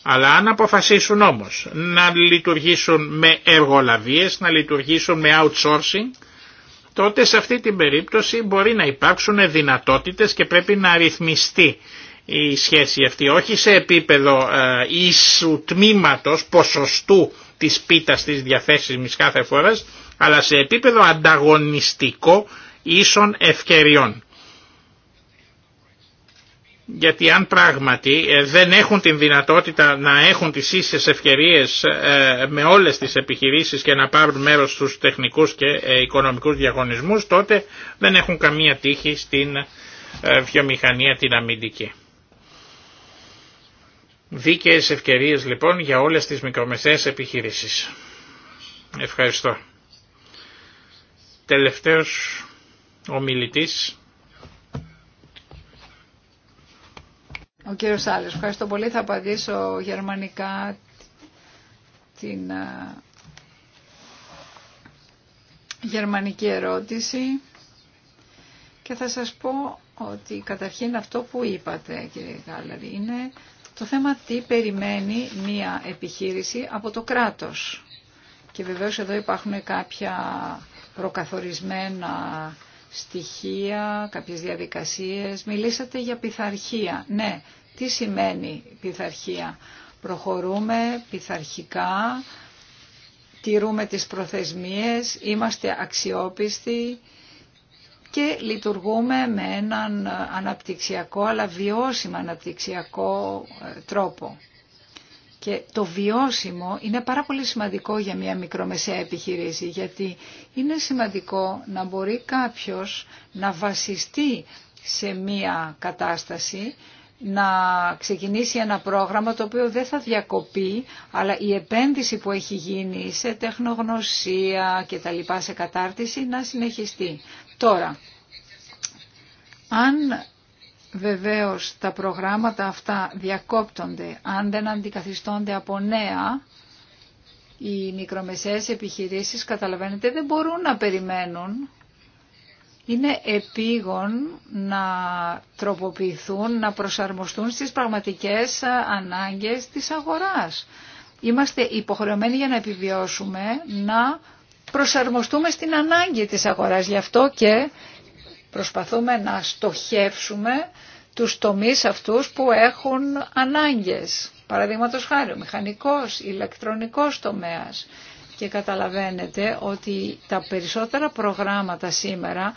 Αλλά αν αποφασίσουν όμως να λειτουργήσουν με εργολαβίες, να λειτουργήσουν με outsourcing, τότε σε αυτή την περίπτωση μπορεί να υπάρξουν δυνατότητες και πρέπει να ρυθμιστεί η σχέση αυτή, όχι σε επίπεδο ε, ίσου τμήματος, ποσοστού της πίτας της διαθέσιμης κάθε φορά, αλλά σε επίπεδο ανταγωνιστικό ίσων ευκαιριών γιατί αν πράγματι ε, δεν έχουν την δυνατότητα να έχουν τις ίσες ευκαιρίες ε, με όλες τις επιχειρήσεις και να πάρουν μέρος στους τεχνικούς και ε, οικονομικούς διαγωνισμούς, τότε δεν έχουν καμία τύχη στην βιομηχανία την αμυντική. Δίκαιες ευκαιρίες λοιπόν για όλες τις μικρομεσαίες επιχειρήσεις. Ευχαριστώ. Τελευταίος ομιλητής Ο κύριος Άλλης, ευχαριστώ πολύ. Θα απαντήσω γερμανικά την γερμανική ερώτηση και θα σας πω ότι καταρχήν αυτό που είπατε κύριε Γάλλαρη είναι το θέμα τι περιμένει μία επιχείρηση από το κράτος. Και βεβαίως εδώ υπάρχουν κάποια προκαθορισμένα στοιχεία, κάποιες διαδικασίες. Μιλήσατε για πειθαρχία. Ναι, τι σημαίνει πειθαρχία. Προχωρούμε πειθαρχικά, τηρούμε τις προθεσμίες, είμαστε αξιόπιστοι και λειτουργούμε με έναν αναπτυξιακό αλλά βιώσιμο αναπτυξιακό ε, τρόπο. Και το βιώσιμο είναι πάρα πολύ σημαντικό για μια μικρομεσαία επιχειρήση, γιατί είναι σημαντικό να μπορεί κάποιος να βασιστεί σε μια κατάσταση, να ξεκινήσει ένα πρόγραμμα το οποίο δεν θα διακοπεί, αλλά η επένδυση που έχει γίνει σε τεχνογνωσία και τα λοιπά σε κατάρτιση να συνεχιστεί. Τώρα, αν Βεβαίως τα προγράμματα αυτά διακόπτονται αν δεν αντικαθιστώνται από νέα. Οι μικρομεσαίες επιχειρήσεις, καταλαβαίνετε, δεν μπορούν να περιμένουν. Είναι επίγον να τροποποιηθούν, να προσαρμοστούν στις πραγματικές ανάγκες της αγοράς. Είμαστε υποχρεωμένοι για να επιβιώσουμε, να προσαρμοστούμε στην ανάγκη της αγοράς. Γι' αυτό και Προσπαθούμε να στοχεύσουμε τους τομείς αυτούς που έχουν ανάγκες. Παραδείγματος χάρη, ο μηχανικός, ηλεκτρονικός τομέας. Και καταλαβαίνετε ότι τα περισσότερα προγράμματα σήμερα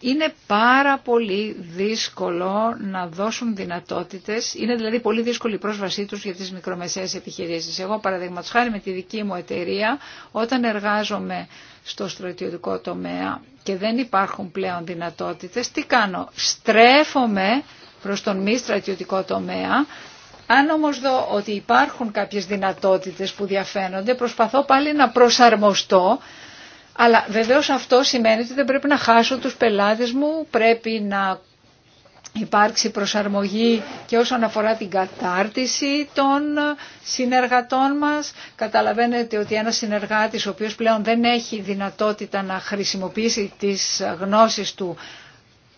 είναι πάρα πολύ δύσκολο να δώσουν δυνατότητες, είναι δηλαδή πολύ δύσκολη η πρόσβασή τους για τις μικρομεσαίες επιχειρήσεις. Εγώ παραδείγματο χάρη με τη δική μου εταιρεία, όταν εργάζομαι στο στρατιωτικό τομέα και δεν υπάρχουν πλέον δυνατότητες, τι κάνω, στρέφομαι προς τον μη στρατιωτικό τομέα, αν όμως δω ότι υπάρχουν κάποιες δυνατότητες που διαφαίνονται, προσπαθώ πάλι να προσαρμοστώ αλλά βεβαίως αυτό σημαίνει ότι δεν πρέπει να χάσω τους πελάτες μου, πρέπει να υπάρξει προσαρμογή και όσον αφορά την κατάρτιση των συνεργατών μας. Καταλαβαίνετε ότι ένας συνεργάτης ο οποίος πλέον δεν έχει δυνατότητα να χρησιμοποιήσει τις γνώσεις του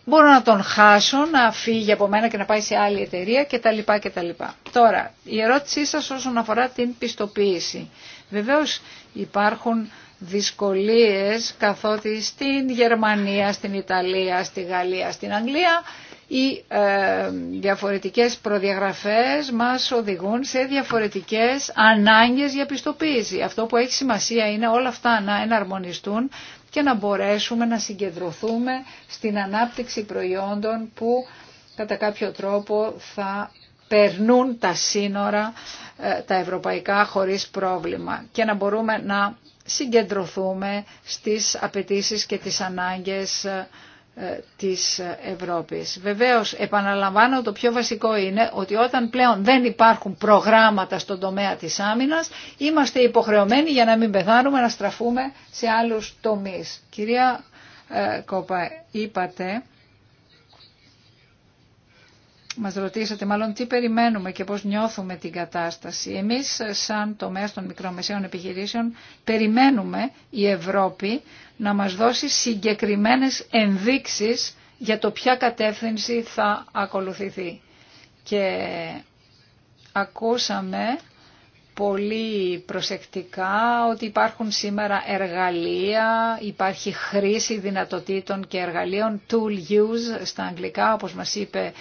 μπορώ να τον χάσω, να φύγει από μένα και να πάει σε άλλη εταιρεία κτλ. Τώρα, η ερώτησή σας όσον αφορά την πιστοποίηση. Βεβαίως υπάρχουν δυσκολίες καθότι στην Γερμανία, στην Ιταλία, στη Γαλλία, στην Αγγλία οι ε, διαφορετικές προδιαγραφές μας οδηγούν σε διαφορετικές ανάγκες για πιστοποίηση. Αυτό που έχει σημασία είναι όλα αυτά να εναρμονιστούν και να μπορέσουμε να συγκεντρωθούμε στην ανάπτυξη προϊόντων που κατά κάποιο τρόπο θα περνούν τα σύνορα ε, τα ευρωπαϊκά χωρίς πρόβλημα και να μπορούμε να συγκεντρωθούμε στις απαιτήσεις και τις ανάγκες ε, της Ευρώπης. Βεβαίως, επαναλαμβάνω, το πιο βασικό είναι ότι όταν πλέον δεν υπάρχουν προγράμματα στον τομέα της άμυνας, είμαστε υποχρεωμένοι για να μην πεθάνουμε να στραφούμε σε άλλους τομείς. Κυρία ε, Κόπα, είπατε μας ρωτήσατε μάλλον τι περιμένουμε και πώς νιώθουμε την κατάσταση. Εμείς σαν τομέα των μικρομεσαίων επιχειρήσεων περιμένουμε η Ευρώπη να μας δώσει συγκεκριμένες ενδείξεις για το ποια κατεύθυνση θα ακολουθηθεί. Και ακούσαμε πολύ προσεκτικά ότι υπάρχουν σήμερα εργαλεία, υπάρχει χρήση δυνατοτήτων και εργαλείων, tool use στα αγγλικά, όπως μας είπε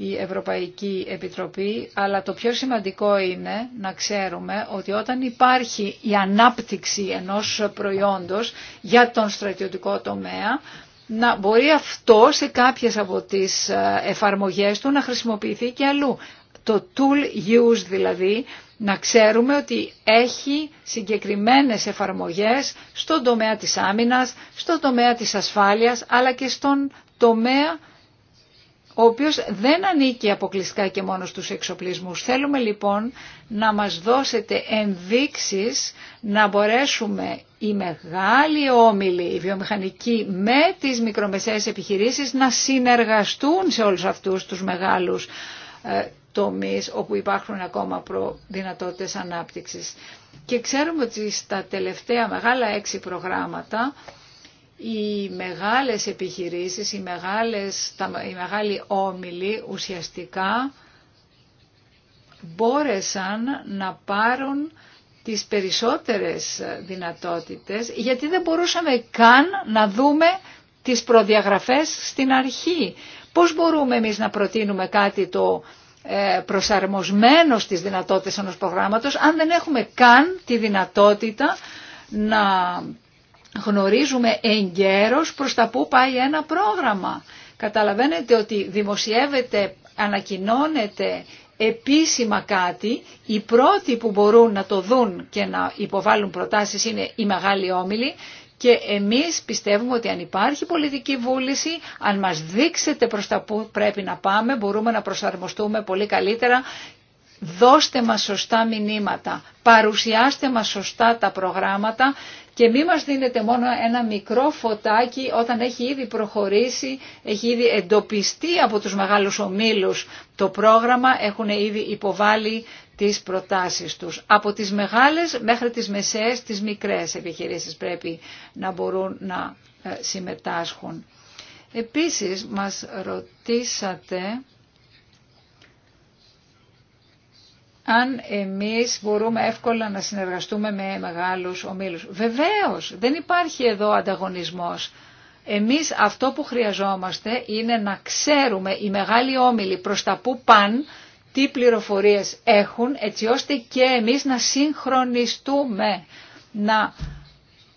η Ευρωπαϊκή Επιτροπή, αλλά το πιο σημαντικό είναι να ξέρουμε ότι όταν υπάρχει η ανάπτυξη ενός προϊόντος για τον στρατιωτικό τομέα, να μπορεί αυτό σε κάποιες από τις ε, εφαρμογές του να χρησιμοποιηθεί και αλλού. Το tool use δηλαδή, να ξέρουμε ότι έχει συγκεκριμένες εφαρμογές στον τομέα της άμυνας, στον τομέα της ασφάλειας, αλλά και στον τομέα ο οποίος δεν ανήκει αποκλειστικά και μόνο στους εξοπλισμούς. Θέλουμε λοιπόν να μας δώσετε ενδείξεις να μπορέσουμε οι μεγάλοι όμιλοι, οι βιομηχανικοί με τις μικρομεσαίες επιχειρήσεις να συνεργαστούν σε όλους αυτούς τους μεγάλους ε, τομείς όπου υπάρχουν ακόμα προ δυνατότητες ανάπτυξης. Και ξέρουμε ότι στα τελευταία μεγάλα έξι προγράμματα οι μεγάλες επιχειρήσεις, οι, μεγάλες, οι μεγάλοι όμιλοι ουσιαστικά μπόρεσαν να πάρουν τις περισσότερες δυνατότητες γιατί δεν μπορούσαμε καν να δούμε τις προδιαγραφές στην αρχή. Πώς μπορούμε εμείς να προτείνουμε κάτι το ε, προσαρμοσμένο στις δυνατότητες ενός προγράμματος αν δεν έχουμε καν τη δυνατότητα να γνωρίζουμε εγκαίρως προς τα που πάει ένα πρόγραμμα. Καταλαβαίνετε ότι δημοσιεύεται, ανακοινώνεται επίσημα κάτι, οι πρώτοι που μπορούν να το δουν και να υποβάλουν προτάσεις είναι οι μεγάλοι όμιλοι και εμείς πιστεύουμε ότι αν υπάρχει πολιτική βούληση, αν μας δείξετε προς τα που πρέπει να πάμε, μπορούμε να προσαρμοστούμε πολύ καλύτερα. Δώστε μας σωστά μηνύματα, παρουσιάστε μας σωστά τα προγράμματα και μη μας δίνετε μόνο ένα μικρό φωτάκι όταν έχει ήδη προχωρήσει, έχει ήδη εντοπιστεί από τους μεγάλους ομίλους το πρόγραμμα, έχουν ήδη υποβάλει τις προτάσεις τους. Από τις μεγάλες μέχρι τις μεσαίες, τις μικρές επιχειρήσεις πρέπει να μπορούν να ε, συμμετάσχουν. Επίσης μας ρωτήσατε αν εμείς μπορούμε εύκολα να συνεργαστούμε με μεγάλους ομίλους. Βεβαίως, δεν υπάρχει εδώ ανταγωνισμός. Εμείς αυτό που χρειαζόμαστε είναι να ξέρουμε οι μεγάλοι όμιλοι προς τα που παν, τι πληροφορίες έχουν, έτσι ώστε και εμείς να συγχρονιστούμε, να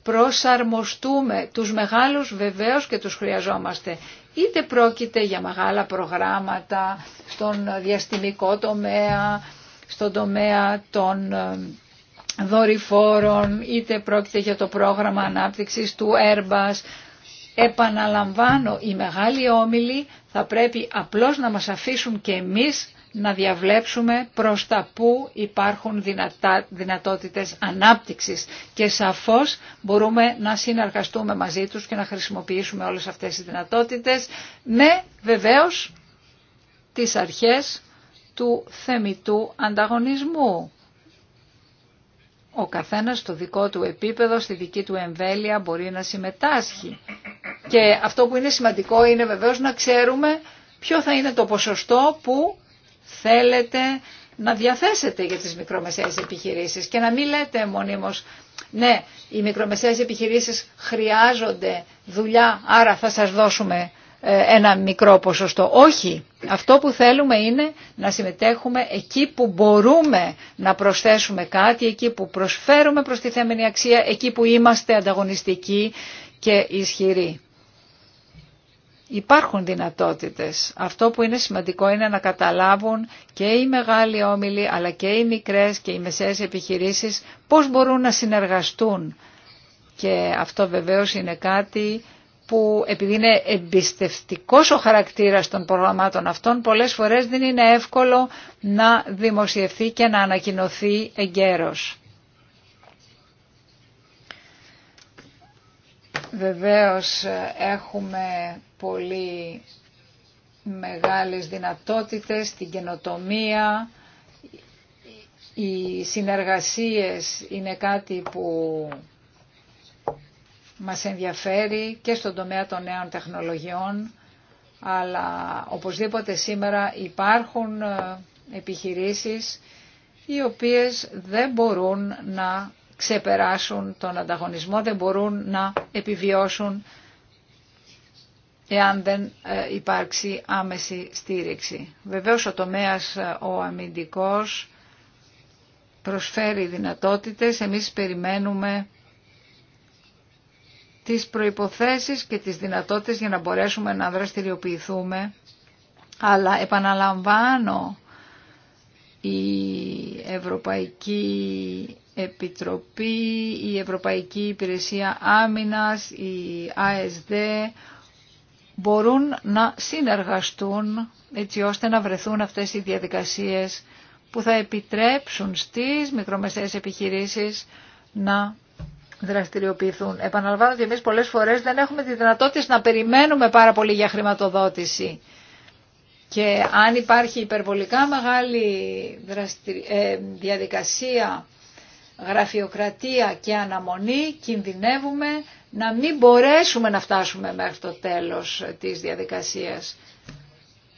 προσαρμοστούμε. Τους μεγάλους βεβαίως και τους χρειαζόμαστε. Είτε πρόκειται για μεγάλα προγράμματα στον διαστημικό τομέα, στον τομέα των ε, δορυφόρων, είτε πρόκειται για το πρόγραμμα ανάπτυξης του Airbus. Επαναλαμβάνω, οι μεγάλοι όμιλοι θα πρέπει απλώς να μας αφήσουν και εμείς να διαβλέψουμε προς τα που υπάρχουν δυνατότητες ανάπτυξης και σαφώς μπορούμε να συνεργαστούμε μαζί τους και να χρησιμοποιήσουμε όλες αυτές τις δυνατότητες με βεβαίως τις αρχές του θεμητού ανταγωνισμού. Ο καθένας στο δικό του επίπεδο, στη δική του εμβέλεια μπορεί να συμμετάσχει. Και αυτό που είναι σημαντικό είναι βεβαίως να ξέρουμε ποιο θα είναι το ποσοστό που θέλετε να διαθέσετε για τις μικρομεσαίες επιχειρήσεις και να μην λέτε μονίμως ναι, οι μικρομεσαίες επιχειρήσεις χρειάζονται δουλειά, άρα θα σας δώσουμε ε, ένα μικρό ποσοστό. Όχι. Αυτό που θέλουμε είναι να συμμετέχουμε εκεί που μπορούμε να προσθέσουμε κάτι, εκεί που προσφέρουμε προς τη θέμενη αξία, εκεί που είμαστε ανταγωνιστικοί και ισχυροί. Υπάρχουν δυνατότητες. Αυτό που είναι σημαντικό είναι να καταλάβουν και οι μεγάλοι όμιλοι αλλά και οι μικρές και οι μεσαίες επιχειρήσεις πώς μπορούν να συνεργαστούν. Και αυτό βεβαίως είναι κάτι που επειδή είναι εμπιστευτικός ο χαρακτήρας των προγραμμάτων αυτών, πολλές φορές δεν είναι εύκολο να δημοσιευθεί και να ανακοινωθεί εγκαίρως. Βεβαίως έχουμε πολύ μεγάλες δυνατότητες στην καινοτομία, οι συνεργασίες είναι κάτι που μας ενδιαφέρει και στον τομέα των νέων τεχνολογιών, αλλά οπωσδήποτε σήμερα υπάρχουν ε, επιχειρήσεις οι οποίες δεν μπορούν να ξεπεράσουν τον ανταγωνισμό, δεν μπορούν να επιβιώσουν εάν δεν ε, υπάρξει άμεση στήριξη. Βεβαίως ο τομέας ε, ο αμυντικός προσφέρει δυνατότητες, εμείς περιμένουμε τις προϋποθέσεις και τις δυνατότητες για να μπορέσουμε να δραστηριοποιηθούμε. Αλλά επαναλαμβάνω, η Ευρωπαϊκή Επιτροπή, η Ευρωπαϊκή Υπηρεσία Άμυνας, η ΑΕΣΔ μπορούν να συνεργαστούν έτσι ώστε να βρεθούν αυτές οι διαδικασίες που θα επιτρέψουν στις μικρομεσαίες επιχειρήσεις να δραστηριοποιηθούν. Επαναλαμβάνω ότι εμείς πολλές φορές δεν έχουμε τη δυνατότητα να περιμένουμε πάρα πολύ για χρηματοδότηση. Και αν υπάρχει υπερβολικά μεγάλη ε, διαδικασία, γραφειοκρατία και αναμονή, κινδυνεύουμε να μην μπορέσουμε να φτάσουμε μέχρι το τέλος της διαδικασίας.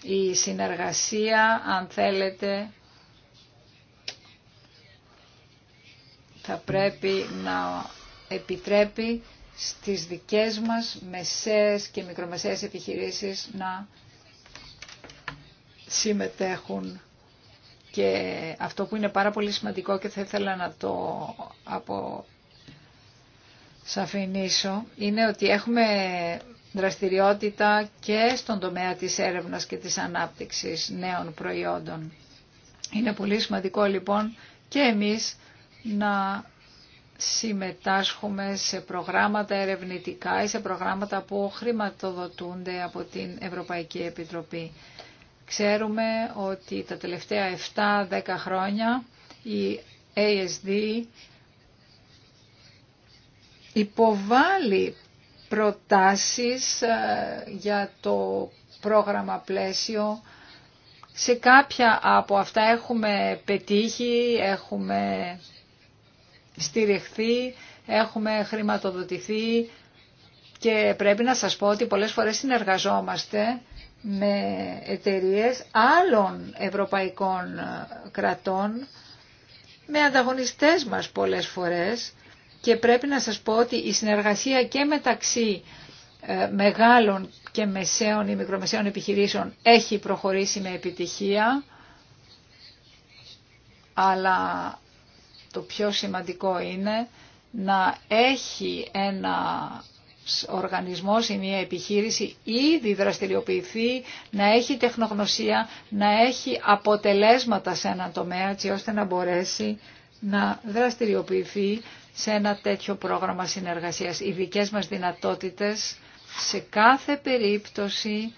Η συνεργασία, αν θέλετε, θα πρέπει να επιτρέπει στις δικές μας μεσαίες και μικρομεσαίες επιχειρήσεις να συμμετέχουν και αυτό που είναι πάρα πολύ σημαντικό και θα ήθελα να το αποσαφηνίσω είναι ότι έχουμε δραστηριότητα και στον τομέα της έρευνας και της ανάπτυξης νέων προϊόντων. Είναι πολύ σημαντικό λοιπόν και εμείς να συμμετάσχουμε σε προγράμματα ερευνητικά ή σε προγράμματα που χρηματοδοτούνται από την Ευρωπαϊκή Επιτροπή. Ξέρουμε ότι τα τελευταία 7-10 χρόνια η ASD υποβάλλει προτάσεις ε, για το πρόγραμμα πλαίσιο. Σε κάποια από αυτά έχουμε πετύχει, έχουμε στηριχθεί, έχουμε χρηματοδοτηθεί και πρέπει να σας πω ότι πολλές φορές συνεργαζόμαστε με εταιρείες άλλων ευρωπαϊκών ε, κρατών, με ανταγωνιστές μας πολλές φορές και πρέπει να σας πω ότι η συνεργασία και μεταξύ ε, μεγάλων και μεσαίων ή μικρομεσαίων επιχειρήσεων έχει προχωρήσει με επιτυχία, αλλά το πιο σημαντικό είναι να έχει ένα οργανισμός ή μια επιχείρηση ήδη δραστηριοποιηθεί, να έχει τεχνογνωσία, να έχει αποτελέσματα σε ένα τομέα έτσι ώστε να μπορέσει να δραστηριοποιηθεί σε ένα τέτοιο πρόγραμμα συνεργασίας. Οι δικές μας δυνατότητες σε κάθε περίπτωση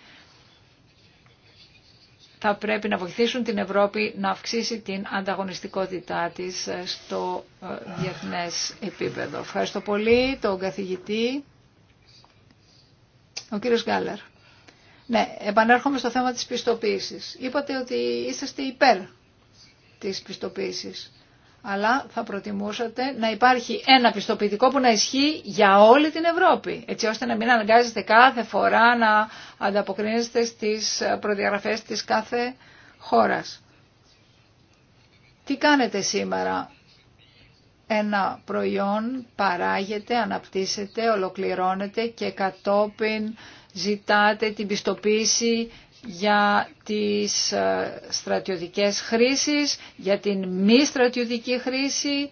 θα πρέπει να βοηθήσουν την Ευρώπη να αυξήσει την ανταγωνιστικότητά της ε, στο ε, διεθνές επίπεδο. Ευχαριστώ πολύ τον καθηγητή, ο κύριος Γκάλερ. Ναι, επανέρχομαι στο θέμα της πιστοποίησης. Είπατε ότι είσαστε υπέρ της πιστοποίησης αλλά θα προτιμούσατε να υπάρχει ένα πιστοποιητικό που να ισχύει για όλη την Ευρώπη, έτσι ώστε να μην αναγκάζεστε κάθε φορά να ανταποκρίνεστε στις προδιαγραφές της κάθε χώρας. Τι κάνετε σήμερα. Ένα προϊόν παράγεται, αναπτύσσεται, ολοκληρώνεται και κατόπιν ζητάτε την πιστοποίηση για τις ε, στρατιωτικές χρήσεις, για την μη στρατιωτική χρήση,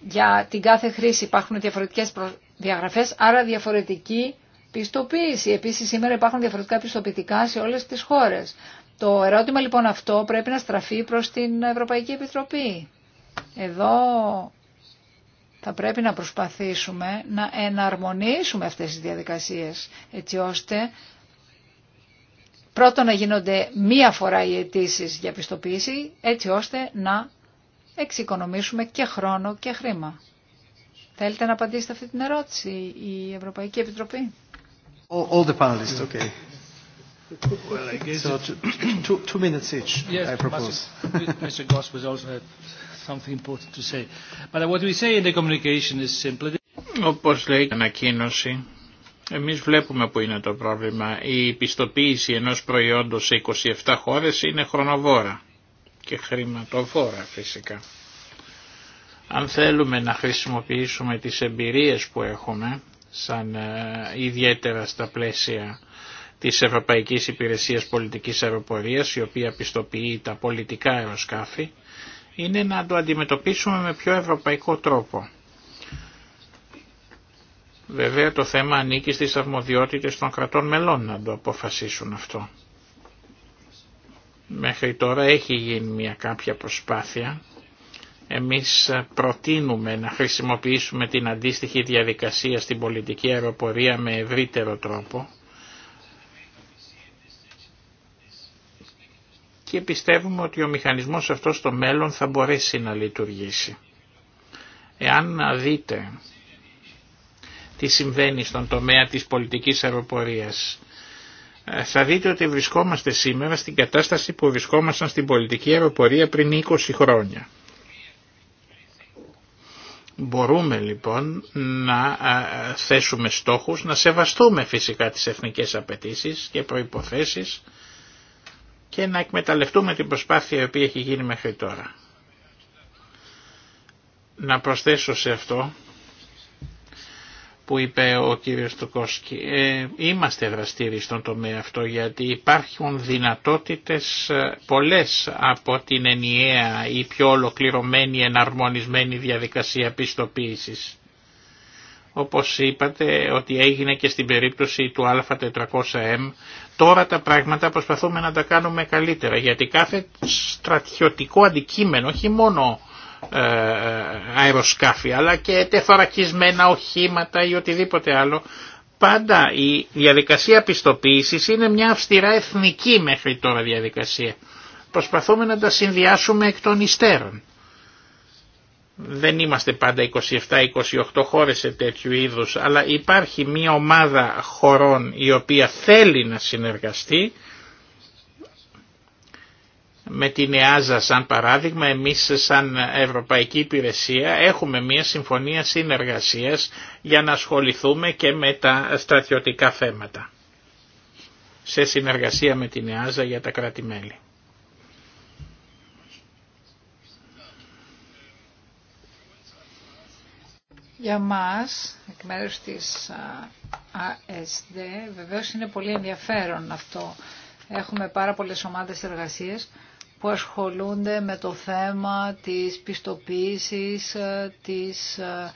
για την κάθε χρήση υπάρχουν διαφορετικές διαγραφές, άρα διαφορετική πιστοποίηση. Επίσης σήμερα υπάρχουν διαφορετικά πιστοποιητικά σε όλες τις χώρες. Το ερώτημα λοιπόν αυτό πρέπει να στραφεί προς την Ευρωπαϊκή Επιτροπή. Εδώ θα πρέπει να προσπαθήσουμε να εναρμονίσουμε αυτές τις διαδικασίες έτσι ώστε πρώτον να γίνονται μία φορά οι αιτήσει για πιστοποίηση έτσι ώστε να εξοικονομήσουμε και χρόνο και χρήμα. Θέλετε να απαντήσετε αυτή την ερώτηση η Ευρωπαϊκή Επιτροπή. All, the panelists, okay. Well, I guess so two, two, two minutes each, yes, I propose. Mr. Goss was also had something important to say. But what we say in the communication is simply... Όπως λέει η ανακοίνωση, εμείς βλέπουμε που είναι το πρόβλημα. Η πιστοποίηση ενός προϊόντος σε 27 χώρες είναι χρονοβόρα και χρηματοβόρα φυσικά. Αν θέλουμε να χρησιμοποιήσουμε τις εμπειρίες που έχουμε, σαν ε, ιδιαίτερα στα πλαίσια της Ευρωπαϊκής Υπηρεσίας Πολιτικής Αεροπορίας, η οποία πιστοποιεί τα πολιτικά αεροσκάφη, είναι να το αντιμετωπίσουμε με πιο ευρωπαϊκό τρόπο. Βέβαια το θέμα ανήκει στις αρμοδιότητες των κρατών μελών να το αποφασίσουν αυτό. Μέχρι τώρα έχει γίνει μια κάποια προσπάθεια. Εμείς προτείνουμε να χρησιμοποιήσουμε την αντίστοιχη διαδικασία στην πολιτική αεροπορία με ευρύτερο τρόπο και πιστεύουμε ότι ο μηχανισμός αυτός στο μέλλον θα μπορέσει να λειτουργήσει. Εάν δείτε τι συμβαίνει στον τομέα της πολιτικής αεροπορίας. Ε, θα δείτε ότι βρισκόμαστε σήμερα στην κατάσταση που βρισκόμασταν στην πολιτική αεροπορία πριν 20 χρόνια. Μπορούμε λοιπόν να ε, θέσουμε στόχους, να σεβαστούμε φυσικά τις εθνικές απαιτήσεις και προϋποθέσεις και να εκμεταλλευτούμε την προσπάθεια η οποία έχει γίνει μέχρι τώρα. Να προσθέσω σε αυτό που είπε ο κύριος Τουκόσκι. Ε, είμαστε δραστήριοι στον τομέα αυτό γιατί υπάρχουν δυνατότητες ε, πολλές από την ενιαία ή πιο ολοκληρωμένη εναρμονισμένη διαδικασία πιστοποίησης. Όπως είπατε ότι έγινε και στην περίπτωση του Α400M, τώρα τα πράγματα προσπαθούμε να τα κάνουμε καλύτερα γιατί κάθε στρατιωτικό αντικείμενο, όχι μόνο ε, ε, αεροσκάφη αλλά και τεφαρακισμένα οχήματα ή οτιδήποτε άλλο πάντα η διαδικασία πιστοποίησης είναι μια αυστηρά εθνική μέχρι τώρα διαδικασία. Προσπαθούμε να τα συνδυάσουμε εκ των υστέρων. Δεν είμαστε πάντα 27-28 χώρες σε τέτοιου είδους, αλλά υπάρχει μια ομάδα χωρών η οποία θέλει να συνεργαστεί με την ΕΑΖΑ σαν παράδειγμα εμείς σαν Ευρωπαϊκή Υπηρεσία έχουμε μια συμφωνία συνεργασίας για να ασχοληθούμε και με τα στρατιωτικά θέματα σε συνεργασία με την ΕΑΖΑ για τα κράτη-μέλη. Για μας, εκ μέρους της ΑΕΣΔ, βεβαίως είναι πολύ ενδιαφέρον αυτό. Έχουμε πάρα πολλές ομάδες εργασίας που ασχολούνται με το θέμα της πιστοποίησης, της ε,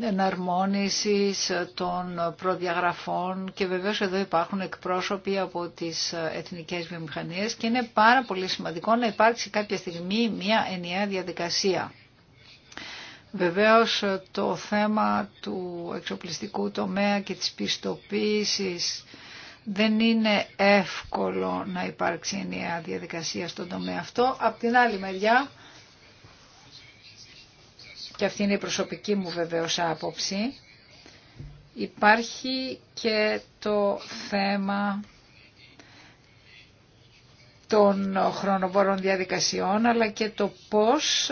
εναρμόνισης ε, των προδιαγραφών και βεβαίως εδώ υπάρχουν εκπρόσωποι από τις ε, εθνικές βιομηχανίες και είναι πάρα πολύ σημαντικό να υπάρξει κάποια στιγμή μια ενιαία διαδικασία. Βεβαίως το θέμα του εξοπλιστικού τομέα και της πιστοποίησης δεν είναι εύκολο να υπάρξει ενιαία διαδικασία στον τομέα αυτό. Απ' την άλλη μεριά, και αυτή είναι η προσωπική μου βεβαίως άποψη, υπάρχει και το θέμα των χρονοβόρων διαδικασιών, αλλά και το πώς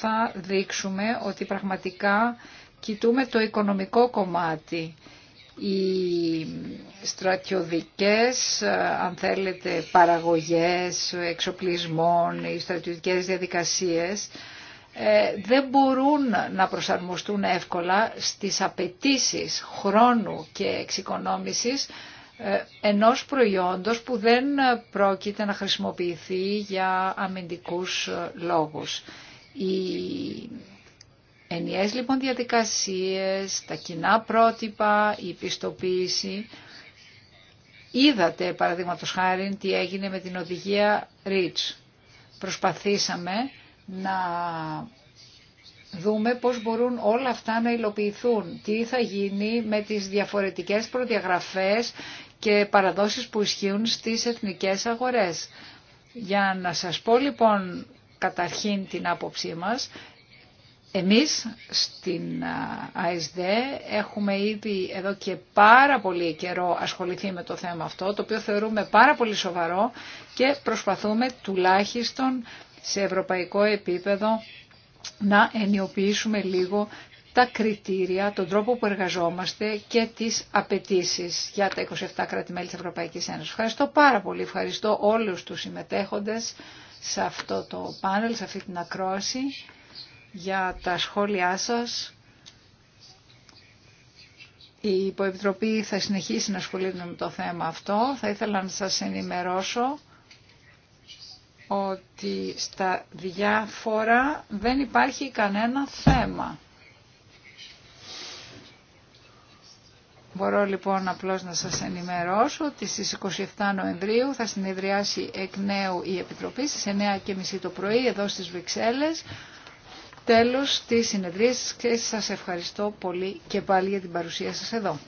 θα δείξουμε ότι πραγματικά κοιτούμε το οικονομικό κομμάτι οι στρατιωτικές, ε, αν θέλετε, παραγωγές εξοπλισμών, οι στρατιωτικές διαδικασίες ε, δεν μπορούν να προσαρμοστούν εύκολα στις απαιτήσεις χρόνου και εξοικονόμησης ε, ενός προϊόντος που δεν πρόκειται να χρησιμοποιηθεί για αμυντικούς λόγους ενιαίες λοιπόν διαδικασίες, τα κοινά πρότυπα, η πιστοποίηση. Είδατε παραδείγματος χάρη τι έγινε με την οδηγία REACH. Προσπαθήσαμε να δούμε πώς μπορούν όλα αυτά να υλοποιηθούν. Τι θα γίνει με τις διαφορετικές προδιαγραφές και παραδόσεις που ισχύουν στις εθνικές αγορές. Για να σας πω λοιπόν καταρχήν την άποψή μας, εμείς στην ΑΕΣΔ έχουμε ήδη εδώ και πάρα πολύ καιρό ασχοληθεί με το θέμα αυτό, το οποίο θεωρούμε πάρα πολύ σοβαρό και προσπαθούμε τουλάχιστον σε ευρωπαϊκό επίπεδο να ενιοποιήσουμε λίγο τα κριτήρια, τον τρόπο που εργαζόμαστε και τις απαιτήσει για τα 27 κράτη-μέλη της Ευρωπαϊκής Ένωσης. Ευχαριστώ πάρα πολύ. Ευχαριστώ όλους τους συμμετέχοντες σε αυτό το πάνελ, σε αυτή την ακρόαση για τα σχόλιά σας. Η Υποεπιτροπή θα συνεχίσει να ασχολείται με το θέμα αυτό. Θα ήθελα να σας ενημερώσω ότι στα διάφορα δεν υπάρχει κανένα θέμα. Μπορώ λοιπόν απλώς να σας ενημερώσω ότι στις 27 Νοεμβρίου θα συνεδριάσει εκ νέου η Επιτροπή στις 9.30 το πρωί εδώ στις Βρυξέλλες τέλος της συνεδρίας και σας ευχαριστώ πολύ και πάλι για την παρουσία σας εδώ.